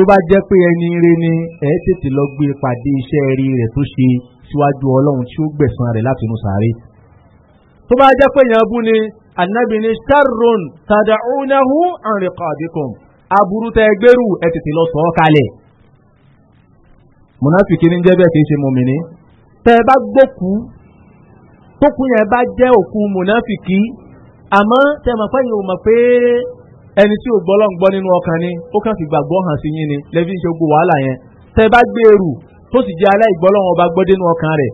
tó bá jẹ́ pé ẹni rẹ ni ẹ tètè lọ gbé e pàdé iṣẹ́ rí rẹ̀ tó ṣe síwájú ọlọ́run tí ó gbẹ̀sán rẹ̀ láti inú sàárè tó bá jẹ́ pé yẹn bú ni anabi ni sharon tadaunahu anriqabikum aburú tẹ gbèrú ẹ tètè lọ sọ ọ kalẹ̀ mùnàfíkì ní jẹ́ bẹ́ẹ̀ kì í ṣe mùmìnì tẹ bá gbókù tókù yẹn bá jẹ́ òkú mùnàfíkì àmọ́ tẹ mọ̀ yìí ò mọ̀ pé ẹni tí ò gbọ́ lọ́n gbọ́ nínú ọkàn ni ó kàn fi gbàgbọ́ hàn sí yín ni lẹ́bí ń ṣe gbogbo wàhálà yẹn tẹ́ bá gbé ẹrù tó sì jẹ́ aláìgbọ́ lọ́wọ́ ọba gbọ́ dénú ọkàn rẹ̀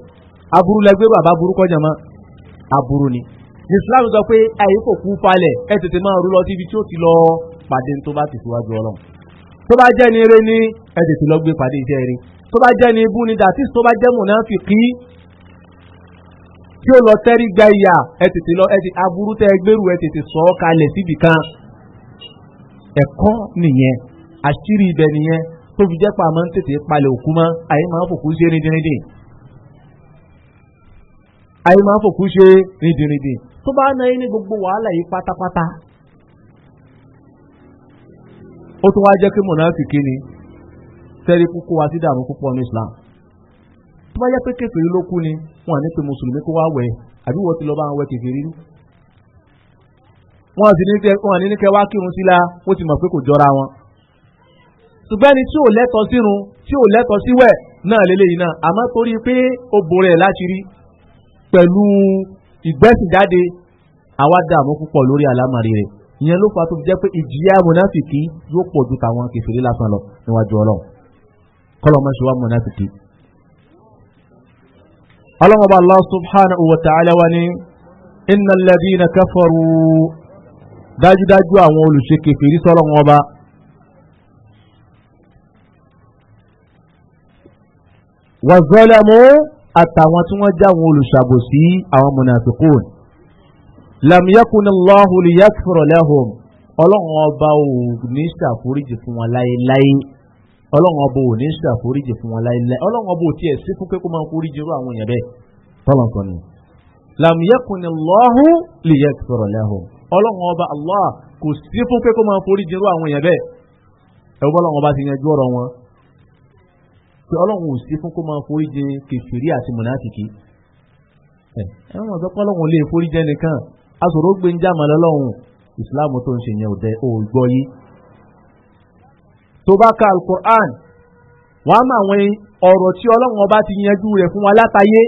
aburú lẹgbẹ́rù àbá burúkọ jàmọ́ aburú ni. Islam sọ pé ayé kò kú falẹ̀ ẹ tètè máa rú lọ síbi tí ó ti lọ pàdé tó bá ti síwájú ọlọ́run. tó bá jẹ́ ni eré ní ẹ tètè lọ gbé pàdé iṣẹ́ eré tó bá jẹ́ ni ibú ni dàtí tó bá jẹ́ mùnáfìkí tí ó lọ tẹ́rí gba ìyà ẹ tètè lọ ẹ tètè aburú tẹ́ gbèrú ẹ tètè sọ ọ́ kalẹ̀ síbì kan ẹ̀kọ́ nìyẹn àṣírí ibẹ̀ nìyẹn tó fi jẹ́ pa máa ń tètè palẹ̀ òkú mọ́ àyè máa ń fòkú ṣe rìndìrìndìn àyè máa ń fòkú ṣe rìndìrìndìn tó bá náà ní gbogbo wàhálà yìí pátápátá ó tún wá jẹ́ pé mọ̀nàfíkì ni tẹ́rí kúkú wa sí dààmú púpọ̀ ní Islam tó bá yẹ pé kékeré ló kú ni wọn à ní pé mùsùlùmí kó wá wẹ̀ àbí wọ́n ti lọ bá wọn wẹ̀ kékeré rí wọn sì ní wọn ní kẹ wá kírun sí la ó ti mọ̀ pé kò jọra wọn. ṣùgbọ́n ẹni tí ò lẹ́tọ̀ sírun tí ò lẹ́tọ̀ síwẹ̀ náà lélẹ́yìí náà àmọ́ torí pé ó borí ẹ̀ láti rí pẹ̀lú ìgbẹ́sìnjáde àwa dààmú púpọ̀ lórí àlámàrí rẹ̀ ìyẹn ló fa tó fi jẹ́ pé ìjìyà mọ̀nàfìkì yóò pọ̀ ju tàwọn kẹfìrí lásán lọ níwájú ọlọ́run kọlọmọṣẹ́wà mọ̀nàfìkì. ọlọ́mọba Allah subhanahu wa ta'ala wa ni inna alladhina kafaru dájúdájú àwọn olùṣe kèfèrí sọ́rọ̀ wọn ọba wàzọ́lẹ́mú àtàwọn tí wọ́n já àwọn olùṣàbòsí àwọn mùnàfikún lamiyakun allahu liyakfuro lahum ọlọ́run ọba ò ní ṣàforíjì fún wọn láéláé ọlọ́run ọba ò ní ṣàforíjì fún wọn láéláé ọlọ́run ọba ò tiẹ̀ sí fún pé kó máa ń foríjì irú àwọn èèyàn bẹ́ẹ̀ tọ́lọ̀ sọ ni lamiyakun allahu liyakfuro lahum ọlọ́run ọba allah kò sí fún pé kó máa forí jìnrú àwọn èèyàn bẹ́ẹ̀ ẹ̀rù bọ́ ọlọ́run ọba ti yanjú ọ̀rọ̀ wọn pé ọlọ́run ò sí fún kó máa forí jẹ kèfèrí àti mùnátìkì ẹ wọn sọ pé ọlọ́run lè forí jẹ nìkan aṣòro gbé ń islam tó ń ṣe yẹn ò dẹ ò gbọ́ yìí tó bá ka alukur'an wàá mọ àwọn ọ̀rọ̀ tí ọlọ́run ọba ti yanjú rẹ̀ fún wa látàyé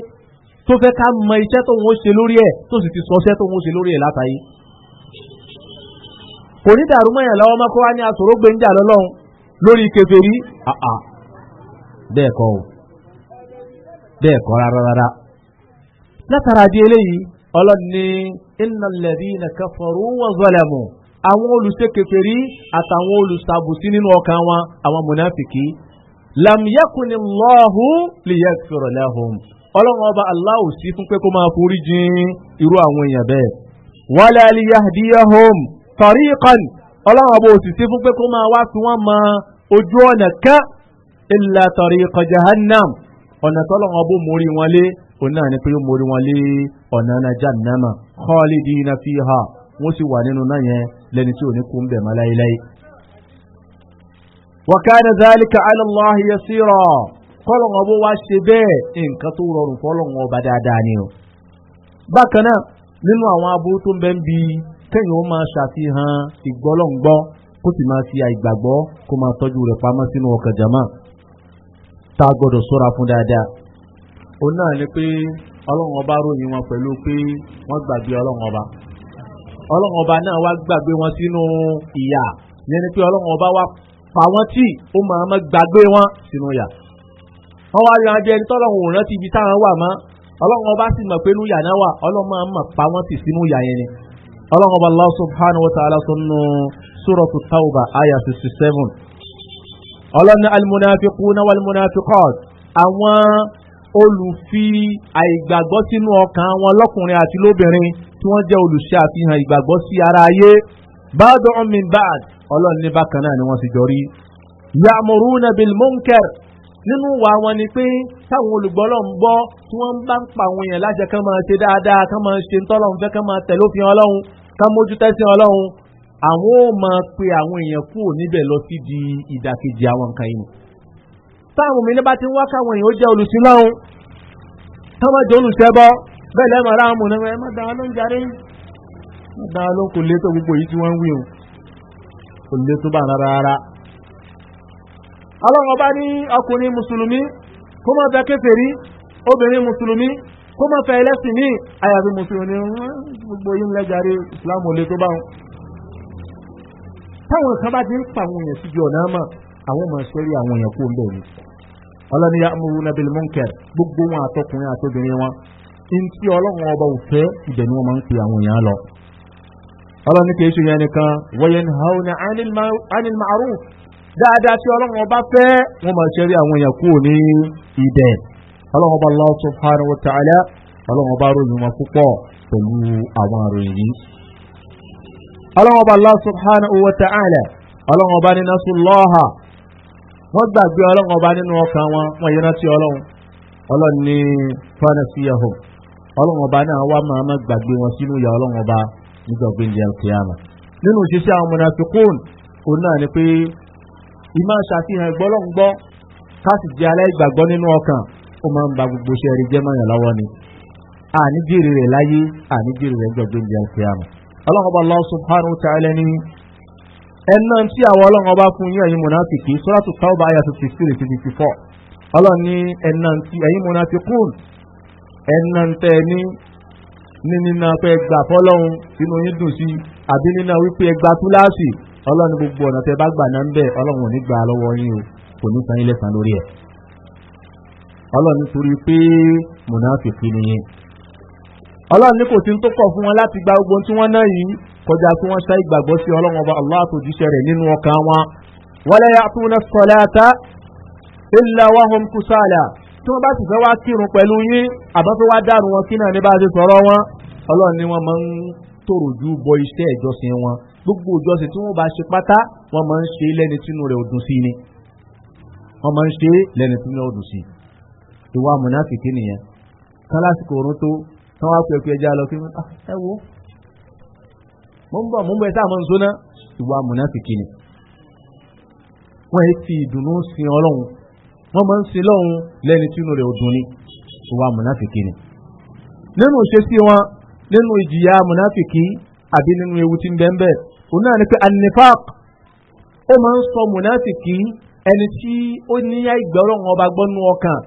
tó fẹ́ ká mọ iṣẹ́ tó ń ṣe lórí ẹ̀ tó sì ti sọ iṣẹ́ tó ń ṣe lórí ẹ̀ látàyé. kò ní dàrú mọ́yàn lọ́wọ́ mọ́ kó wá ní àsòrò gbẹ̀ǹjà lọ́lọ́run lórí kèfèrí àà ah, ah. bẹ́ẹ̀ kọ́ o bẹ́ẹ̀ kọ́ rárá rárá látara di eléyìí ọlọ́ni innal ladhina kafaru wa zalamu àwọn olùṣe kèfèrí àtàwọn olùṣàbùsí nínú ọkàn wọn àwọn mùnàfìkì lam yakunillahu liyaghfir lahum ọlọ́run ọba Allah tariqan ọlọ́run ọba òsìsí fún pé kó máa wá sí wọ́n mọ ojú ọ̀nà kan illa tariqa jahannam ọ̀nà tọ́lọ́run ọba mórí wọn lé òun náà ni pé ó mórí wọn lé ọ̀nà náà jahannama khalidina fiha wọ́n sì wà nínú náà yẹn lẹ́ni tí ò ní kú ń bẹ̀ mọ́ láéláé. wa kana dhalika ala Allah yasira kọ́lọ́run ọba wá ṣe bẹ́ẹ̀ nǹkan tó rọrùn fọ́lọ́run ọba dáadáa ni o. bákan náà nínú àwọn aburú tó ń bẹ́ ń kẹ́yìn ó máa ṣàfihàn ìgbọ́lọ́ngbọ́ kó sì máa fi àìgbàgbọ́ kó máa tọ́jú rẹ̀ pamọ́ sínú ọkàn jama tá a gbọ́dọ̀ sọ́ra fún dáadáa. òun náà ni pé ọlọ́run ọba ròyìn wọn pẹ̀lú pé wọ́n gbàgbé ọlọ́run ọba ọlọ́run ọba náà wá gbàgbé wọn sínú ìyà yẹn ni pé ọlọ́run ọba wá pa wọ́n tí ó máa gbàgbé wọn sínú ìyà wọ́n wá yan ọlọ́run ọba Allah subhanahu wa ta'ala sọnù suratu tauba aya sixty seven ọlọ́ni almunafiquna walmunafiqat àwọn olùfi àìgbàgbọ́ sínú ọkàn wọn lọ́kùnrin àti lóbìnrin tí wọ́n jẹ́ olùṣe àfihàn ìgbàgbọ́ sí ara ayé ba'duhum min ba'd ọlọ́run ní bákan náà ni wọ́n ti jọ rí. ya'muruna bil munkar nínú wa wọn ni pé táwọn olùgbọ́lọ̀ ń gbọ́ tí wọ́n bá ń pa àwọn èèyàn láṣẹ kán máa ṣe dáadáa kán máa ṣe ń tọ́lọ́run fẹ́ kán máa tẹ̀lé òfin ọlọ́run ká mójú tẹ́sí ọlọ́run àwọn ò máa pe àwọn èèyàn kúrò níbẹ̀ lọ sí di ìdàkejì àwọn nǹkan yìí. táwọn mi ní bá ti ń wá káwọn èèyàn ó jẹ́ olùsìn lọ́run táwọn jẹ́ olùsẹ́bọ́ bẹ́ẹ̀ lẹ́mọ̀ ara àwọn ọmọ má dáa ló ń jarí má dáa gbogbo tí wọ́n ń wí o kò létò bá rárá rárá. ọlọ́run ọba ní ọkùnrin mùsùlùmí kó kó má fẹ́ ẹlẹ́sìn míì àyàfi mùsùlùmí gbogbo yín lẹ́jàre islam ò lè tó bá wọn. táwọn kan bá ti ń pa àwọn èèyàn síbi ọ̀nà àmà àwọn máa sọ́rí àwọn èèyàn kó ń bẹ̀ ni. ọlọ́ni ya amúru nabil gbogbo wọn àtọkùnrin àtọbìnrin wọn ntí ọlọ́run ọba òfẹ́ ibẹ̀ ni wọ́n máa ń pe àwọn èèyàn lọ. ọlọ́ni kì í ṣe yẹn nìkan wọ́yẹn hauna anil ma'ruf dáadáa tí ọlọ́run ọba fẹ́ wọ́n máa ṣẹ́rí àwọn èèyàn kúrò ní ibẹ̀ ọlọ́run bá lọ́wọ́ subhanahu wa ta'ala ọlọ́run bá ròyìn wọn púpọ̀ pẹ̀lú àwọn àròyìn yìí. ọlọ́run bá lọ́wọ́ subhanahu wa ta'ala ọlọ́run bá nínú sùlọ́ọ̀hà wọ́n gbàgbé ọlọ́run bá nínú ọkàn wọn wọ́n yẹn rántí ọlọ́run ọlọ́run ní fanasiyahum ọlọ́run ọba náà wá máa má gbàgbé wọn sínú ìyá ọlọ́run ọba nígbà ó máa ń ba gbogbo iṣẹ́ rí jẹ́ mọ́yàn lọ́wọ́ ni àní jèrè rẹ̀ láyé àní jèrè rẹ̀ gbọ̀gbẹ́ ní ẹ̀sẹ̀ àmì ọlọ́kọ̀ọ́bà Allah subhanahu wa ta'ala ní ẹ̀nà tí àwọn ọlọ́kọ̀ọ́bà fún yín ẹ̀yin mùnáfìkì suratu Tawba àyà tó fifty three fifty four ọlọ́ni ẹ̀nà tí ẹ̀yin mùnáfìkùn ẹ̀nà tẹ̀ ni ní nínà pé gbà fọlọ́hún sínú yín dùn sí àbí wípé túláàsì gbogbo ọ̀nà tẹ bá gbà náà ọlọ́run nítorí pé mùnàfíkì nìyẹn ọlọ́run ní kò sí tó kọ̀ fún wọn láti gba gbogbo tí wọ́n ná yìí kọjá tí wọ́n ṣá ìgbàgbọ́ sí ọlọ́run ọba allah tó jíṣẹ́ rẹ̀ nínú ọkàn wọn wọ́n lẹ́yà tó ná sọ̀láta ilà wa hom kusala tí wọ́n bá sì fẹ́ wá kírun pẹ̀lú yín àbá fẹ́ wá dàrú wọn kí náà ní bá a sọ̀rọ̀ wọn ọlọ́run ni wọ́n máa ń tòrò ju bọ iṣẹ́ ìjọsìn wọn gbogbo ìjọsìn tí wọ́n bá ṣe pátá wọ́n máa ń ṣe lẹ́ni tínú rẹ̀ ọdún sí ni wọ́n máa ń ṣe lẹ́ni tínú rẹ̀ ọdún sí ni ìwà mùnáfìkì nìyẹn kálásìkò òrùn tó tán wá pẹ̀pẹ̀ ẹja lọ kí wọ́n ah, ẹ wo mo ń bọ̀ mo ń bọ̀ ẹ sáà mo ń sóná ìwà mùnáfìkì ni wọ́n ẹ fi ìdùnnú sin ọlọ́run wọ́n máa ń sin lọ́run lẹ́ni tí inú rẹ̀ ò dùn ni ìwà mùnáfìkì ni nínú ìṣesí wọn nínú ìjìyà mùnáfìkì àbí nínú ewu tí ń bẹ́ẹ̀ bẹ́ẹ̀ òun náà ni pé anifaq ó máa ń sọ mùnáfìkì ẹni tí ó níyà ìgbà ọba gbọ́nú ọkàn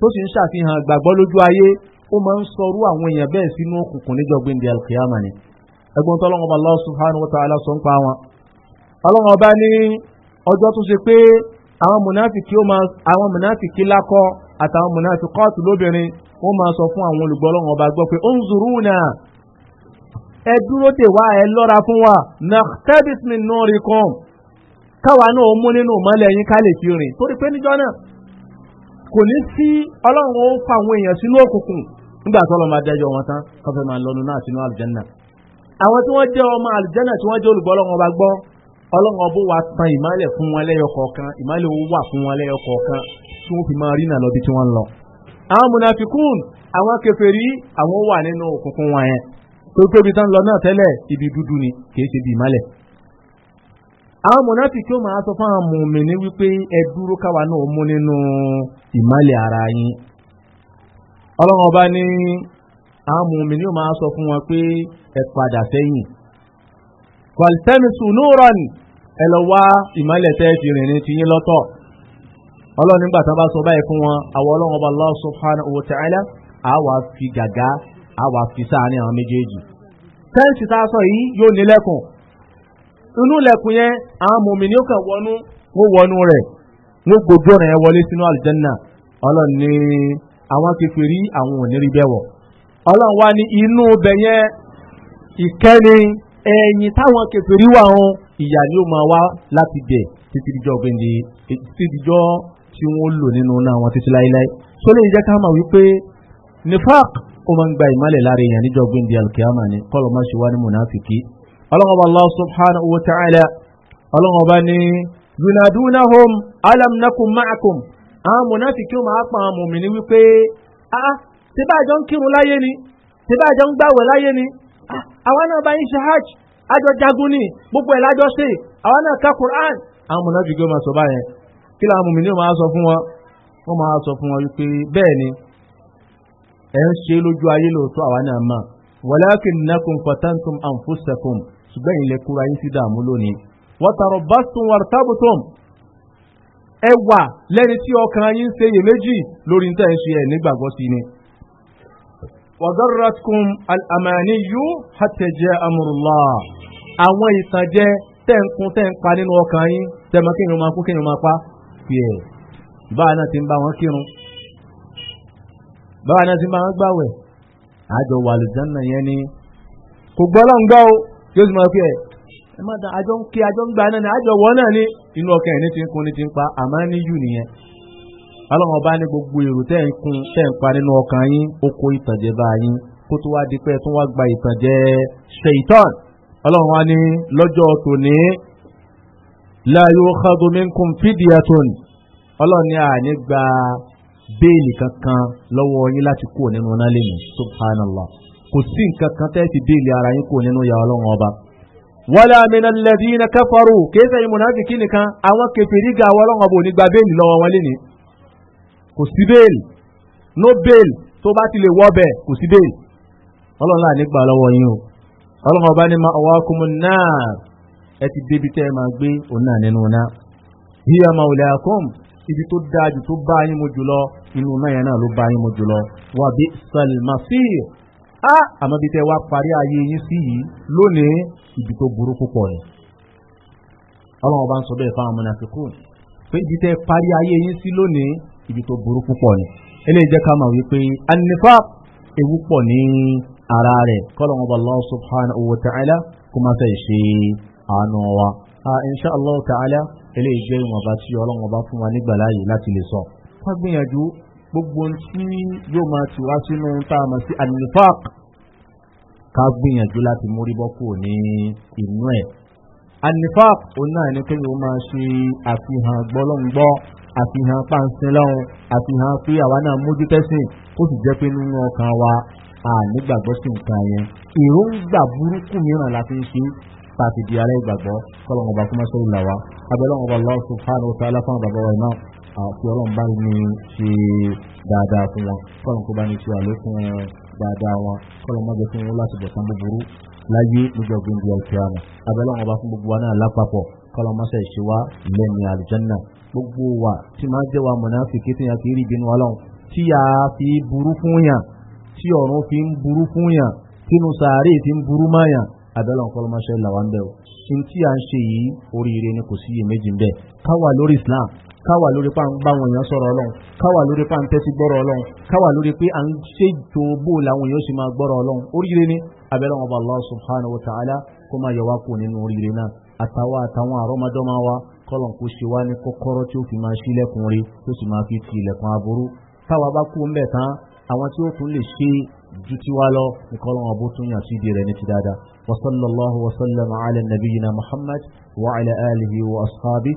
tó sì ń ṣàfihàn gbàgbọ́ lójú ayé ó máa ń sọrú àwọn èèyàn bẹ́ẹ̀ sínú òkùnkùn níjọ gbẹ̀ndì alkiyama ni ẹgbọ́n tó ọlọ́run Allah subhanahu wa sọ ń wọn. ọlọ́run ọba ní ọjọ́ tó ṣe pé àwọn mùnáfìkì ó àwọn mùnáfìkì àtàwọn Kọ́ọ̀tù lóbìnrin ó máa sọ fún àwọn olùgbọ́ kò ní sí ọlọ́run ó fa àwọn èèyàn sínú òkùnkùn nígbà tó ọlọ́run máa dẹjọ́ wọn tán kó fẹ́ lọ́nu náà sínú àlùjẹ́nà àwọn tí wọ́n jẹ́ ọmọ àlùjẹ́nà tí wọ́n jẹ́ olùgbọ́ ọba gbọ́ ọlọ́run ọbọ̀ wa tan fún wọn lẹ́yọ kọ̀ọ̀kan ìmálẹ̀ fún wọn tí wọ́n fi máa rí náà lọ́bi tí wọ́n lọ. àwọn mùnàfikún àwọn àwọn mọ̀nàfíkì ó máa sọ fún àwọn mùmíní wípé ẹ dúró káwa náà ara yín ọlọ́run ọba ní àwọn mùmíní ó máa sọ fún wọn pé ẹ padà sẹ́yìn kọ̀lítẹ́mísù núrọ̀nì ẹ lọ wá ìmọ̀lẹ̀ tẹ́ ti rìn ní tiyín lọ́tọ̀ ọlọ́run nígbà bá sọ báyìí fún ọba wa fi gàgá fi sáà ní àwọn méjèèjì a inú ilẹ̀kùn yẹn àwọn mòmìnì ó kàn wọnú wọ́n wọnú rẹ̀ wọ́n gbogbo rẹ̀ wọlé sínú àlùjẹ́nà ọlọ́run ní àwọn kékeré àwọn òníri bẹ́ẹ̀ wọ̀ ọlọ́run wá ní inú ibẹ̀ yẹn ìkẹ́ni ẹ̀yìn táwọn kékeré wà wọn ìyà ni ó máa wá láti bẹ̀ títí dijọ́ gbẹ̀ndé títí dijọ́ tí wọ́n lò nínú náà wọn títí láéláé tó lè jẹ́ ká mọ̀ wípé nifaq ó ń gba ìmọ̀lẹ̀ lára èèyàn gbẹ̀ndé alùkìyàmà ni kọ́lọ́ máa ṣe wá ní mùnáfìkì ọlọ́wọ́ba allah subhanahu wa ta'ala ọlọ́wọ́ba ni yunadunahum alamnakum ma'akum àwọn munafiki ó máa pa àwọn mòmìnir wípé a ti bá àjọ ń kírun láyé ni ti bá àjọ ń gbàwẹ̀ láyé ni àwa náà bá ń ṣe hajj àjọ jagun ni gbogbo ẹ̀ lájọ ṣe àwa náà ka quran àwọn munafiki ó máa sọ báyẹn kí làwọn mòmìnir máa sọ fún wọn wọ́n máa sọ fún wọn wípé bẹ́ẹ̀ ni ẹ̀ ń ṣe lójú ayé lóòótọ́ àwa náà mọ̀ wọ́lẹ́kìn nákùn fọ́tẹ́ntùm àǹfùsẹ̀kùn ṣùgbọ́n ẹ̀yin lè kúra yín sí dààmú lónìí. wọ́n tààrọ̀ bá sun wà tábùtọ̀m ẹ wà lẹ́ni tí ọkàn yín ṣe yè méjì lórí níta ẹ̀ ṣe ẹ̀ nígbàgbọ́ sí ni. wàdọ́rọ̀tkum àmàní yú hàtẹ̀jẹ́ amúrùlá àwọn ìtànjẹ tẹ̀ǹkun tẹ̀ǹpa nínú ọkàn yín tẹ̀mọ́ kí ni wọ́n máa kú kí ni wọ́n máa pa tiẹ̀ báwa náà ti ń bá wọn kírun báwa náà ti ń gbàwẹ̀ àjọ wàlùjánà yẹn ni kò gbọ́ lọ́n o yóò sì máa fi ẹ̀ ẹ má da àjọ ń ké àjọ ń gba náà ni àjọ wọ́n náà ni inú ọkàn ẹ̀ ní ti ń kun ní ti ń pa àmọ́ ní yù nìyẹn ọlọ́run ọba ní gbogbo èrò tẹ́ ń kun tẹ́ ń pa nínú ọkàn yín ó kó ìtànjẹ bá yín kó tó wá di pé ẹ tún wá gba ìtànjẹ ṣèyítọ́n ọlọ́run wa ní lọ́jọ́ tòní láyò xadominkun fídíàtòn ọlọ́run ní àní gba béèlì kankan lọ́wọ́ yín láti kú nínú náà lé mi subhanallah kò sí nǹkan kan tẹ́ ti bíìlì ara yín kò nínú ya ọlọ́run ọba. wala minal ladina kafaru kéésà yìí mùnàfíkì nìkan àwọn kẹfìrí ga àwọn ọlọ́run ọba ò ní gba béèlì lọ́wọ́ wọn lé ní. kò sí béèlì no béèlì tó bá ti lè wọ́ bẹ́ẹ̀ kò sí béèlì. ọlọ́run láà nígbà lọ́wọ́ yín o ọlọ́run ọba ní ma ọwọ́ akúnmu náà ẹ ti débi tẹ́ ẹ máa gbé òun náà nínú náà á ah. àmọ́ bí tẹ́ wá parí ayé yín sí yìí lónìí ibi tó burú púpọ̀ ni ọlọ́run bá ń sọ bẹ́ẹ̀ fáwọn mọ̀nàfíkù pé ibi tẹ́ parí ayé yín sí lónìí ibi tó burú púpọ̀ ni eléyìí jẹ́ ká mọ̀ wípé anifa ewu pọ̀ ní ara rẹ̀ kọ́lọ́run bá Allah subhanahu wa ta'ala kó má fẹ́ ṣe àánú wa insha Allah ta'ala eléyìí jẹ́ ìwọ̀nba tí ọlọ́run bá fún wa nígbà láàyè láti lè sọ. wọ́n gbìyànjú gbogbo tí yóò máa tì wá sínú tá sí anifaq ká gbìyànjú láti mórí bọ́ kúrò ní inú ẹ̀. anifak òun náà ni kéwì ó máa ṣe àfihàn gbọ́lọ́ngbọ́ àfihàn pàǹsẹ́lọ́hún àfihàn pé àwa náà mójú tẹ́sìn kó sì jẹ́ pé nínú ọkàn wa ànígbàgbọ́ sí nǹkan yẹn èròǹgbà burúkú mìíràn la fi ń ṣe láti di alẹ́ ìgbàgbọ́ kọ́lọ́mù ọba kúmọ́ sórí làwa abẹ́lẹ́wọ̀n ọba lọ́wọ́ wa náà àti ọlọ́run bá ní ṣe dáadáa fún wọn kọ́lọ́mù kó bá ní dáadáa wọn kọ́lọ́ mọ́jọ fún wọn láti bọ̀ tán búburú láyé níjọ gbẹ̀ngàn ìkíyàmù abẹ́lẹ́ wọn bá fún gbogbo wa náà lápapọ̀ kọ́lọ́ mọ́sẹ̀ ṣe wá lẹ́ni àlùjànnà gbogbo wa tí máa jẹ́ wa mùnáfíkí tí yàn fi rí ìbínú ọlọ́run tí yà á fi burú fún yàn tí ọ̀run fi ń burú fún yàn tínú sàárè fi ń burú mọ́ yàn abẹ́lẹ́ wọn kọ́lọ́ làwọn bẹ́ẹ̀ o tí à ń ṣe yìí oríire ni kò sí iyèméjì ń bẹ ká lórí Islam káwà lórí pa ń bá àwọn èèyàn sọ̀rọ̀ ọlọ́run káwà lórí pa ń tẹ́tí gbọ́rọ̀ ọlọ́run káwà lórí pé à ń ṣètò bó làwọn èèyàn sì máa gbọ́rọ̀ ọlọ́run oríire ni abẹ́rẹ́ wọn Allah subhanahu wa ta'ala kó máa yọ wá kó nínú oríire náà àtàwa àtàwọn àrọ́mọdọ́mọ wa kọ́lọ̀ kó ṣe wá ní kọ́kọ́rọ́ tí ó fi máa ṣí lẹ́kùn rí tó sì máa fi ti ilẹ̀kùn aburú táwa bá kú ń tán àwọn tí ó tún lè ṣe ju tiwa lọ nìkọ́lọ́ wọn tún yàn sí rẹ̀ ní ti dáadáa wa sallallahu ala nabiyyina muhammad wa ala alihi wa ashabihi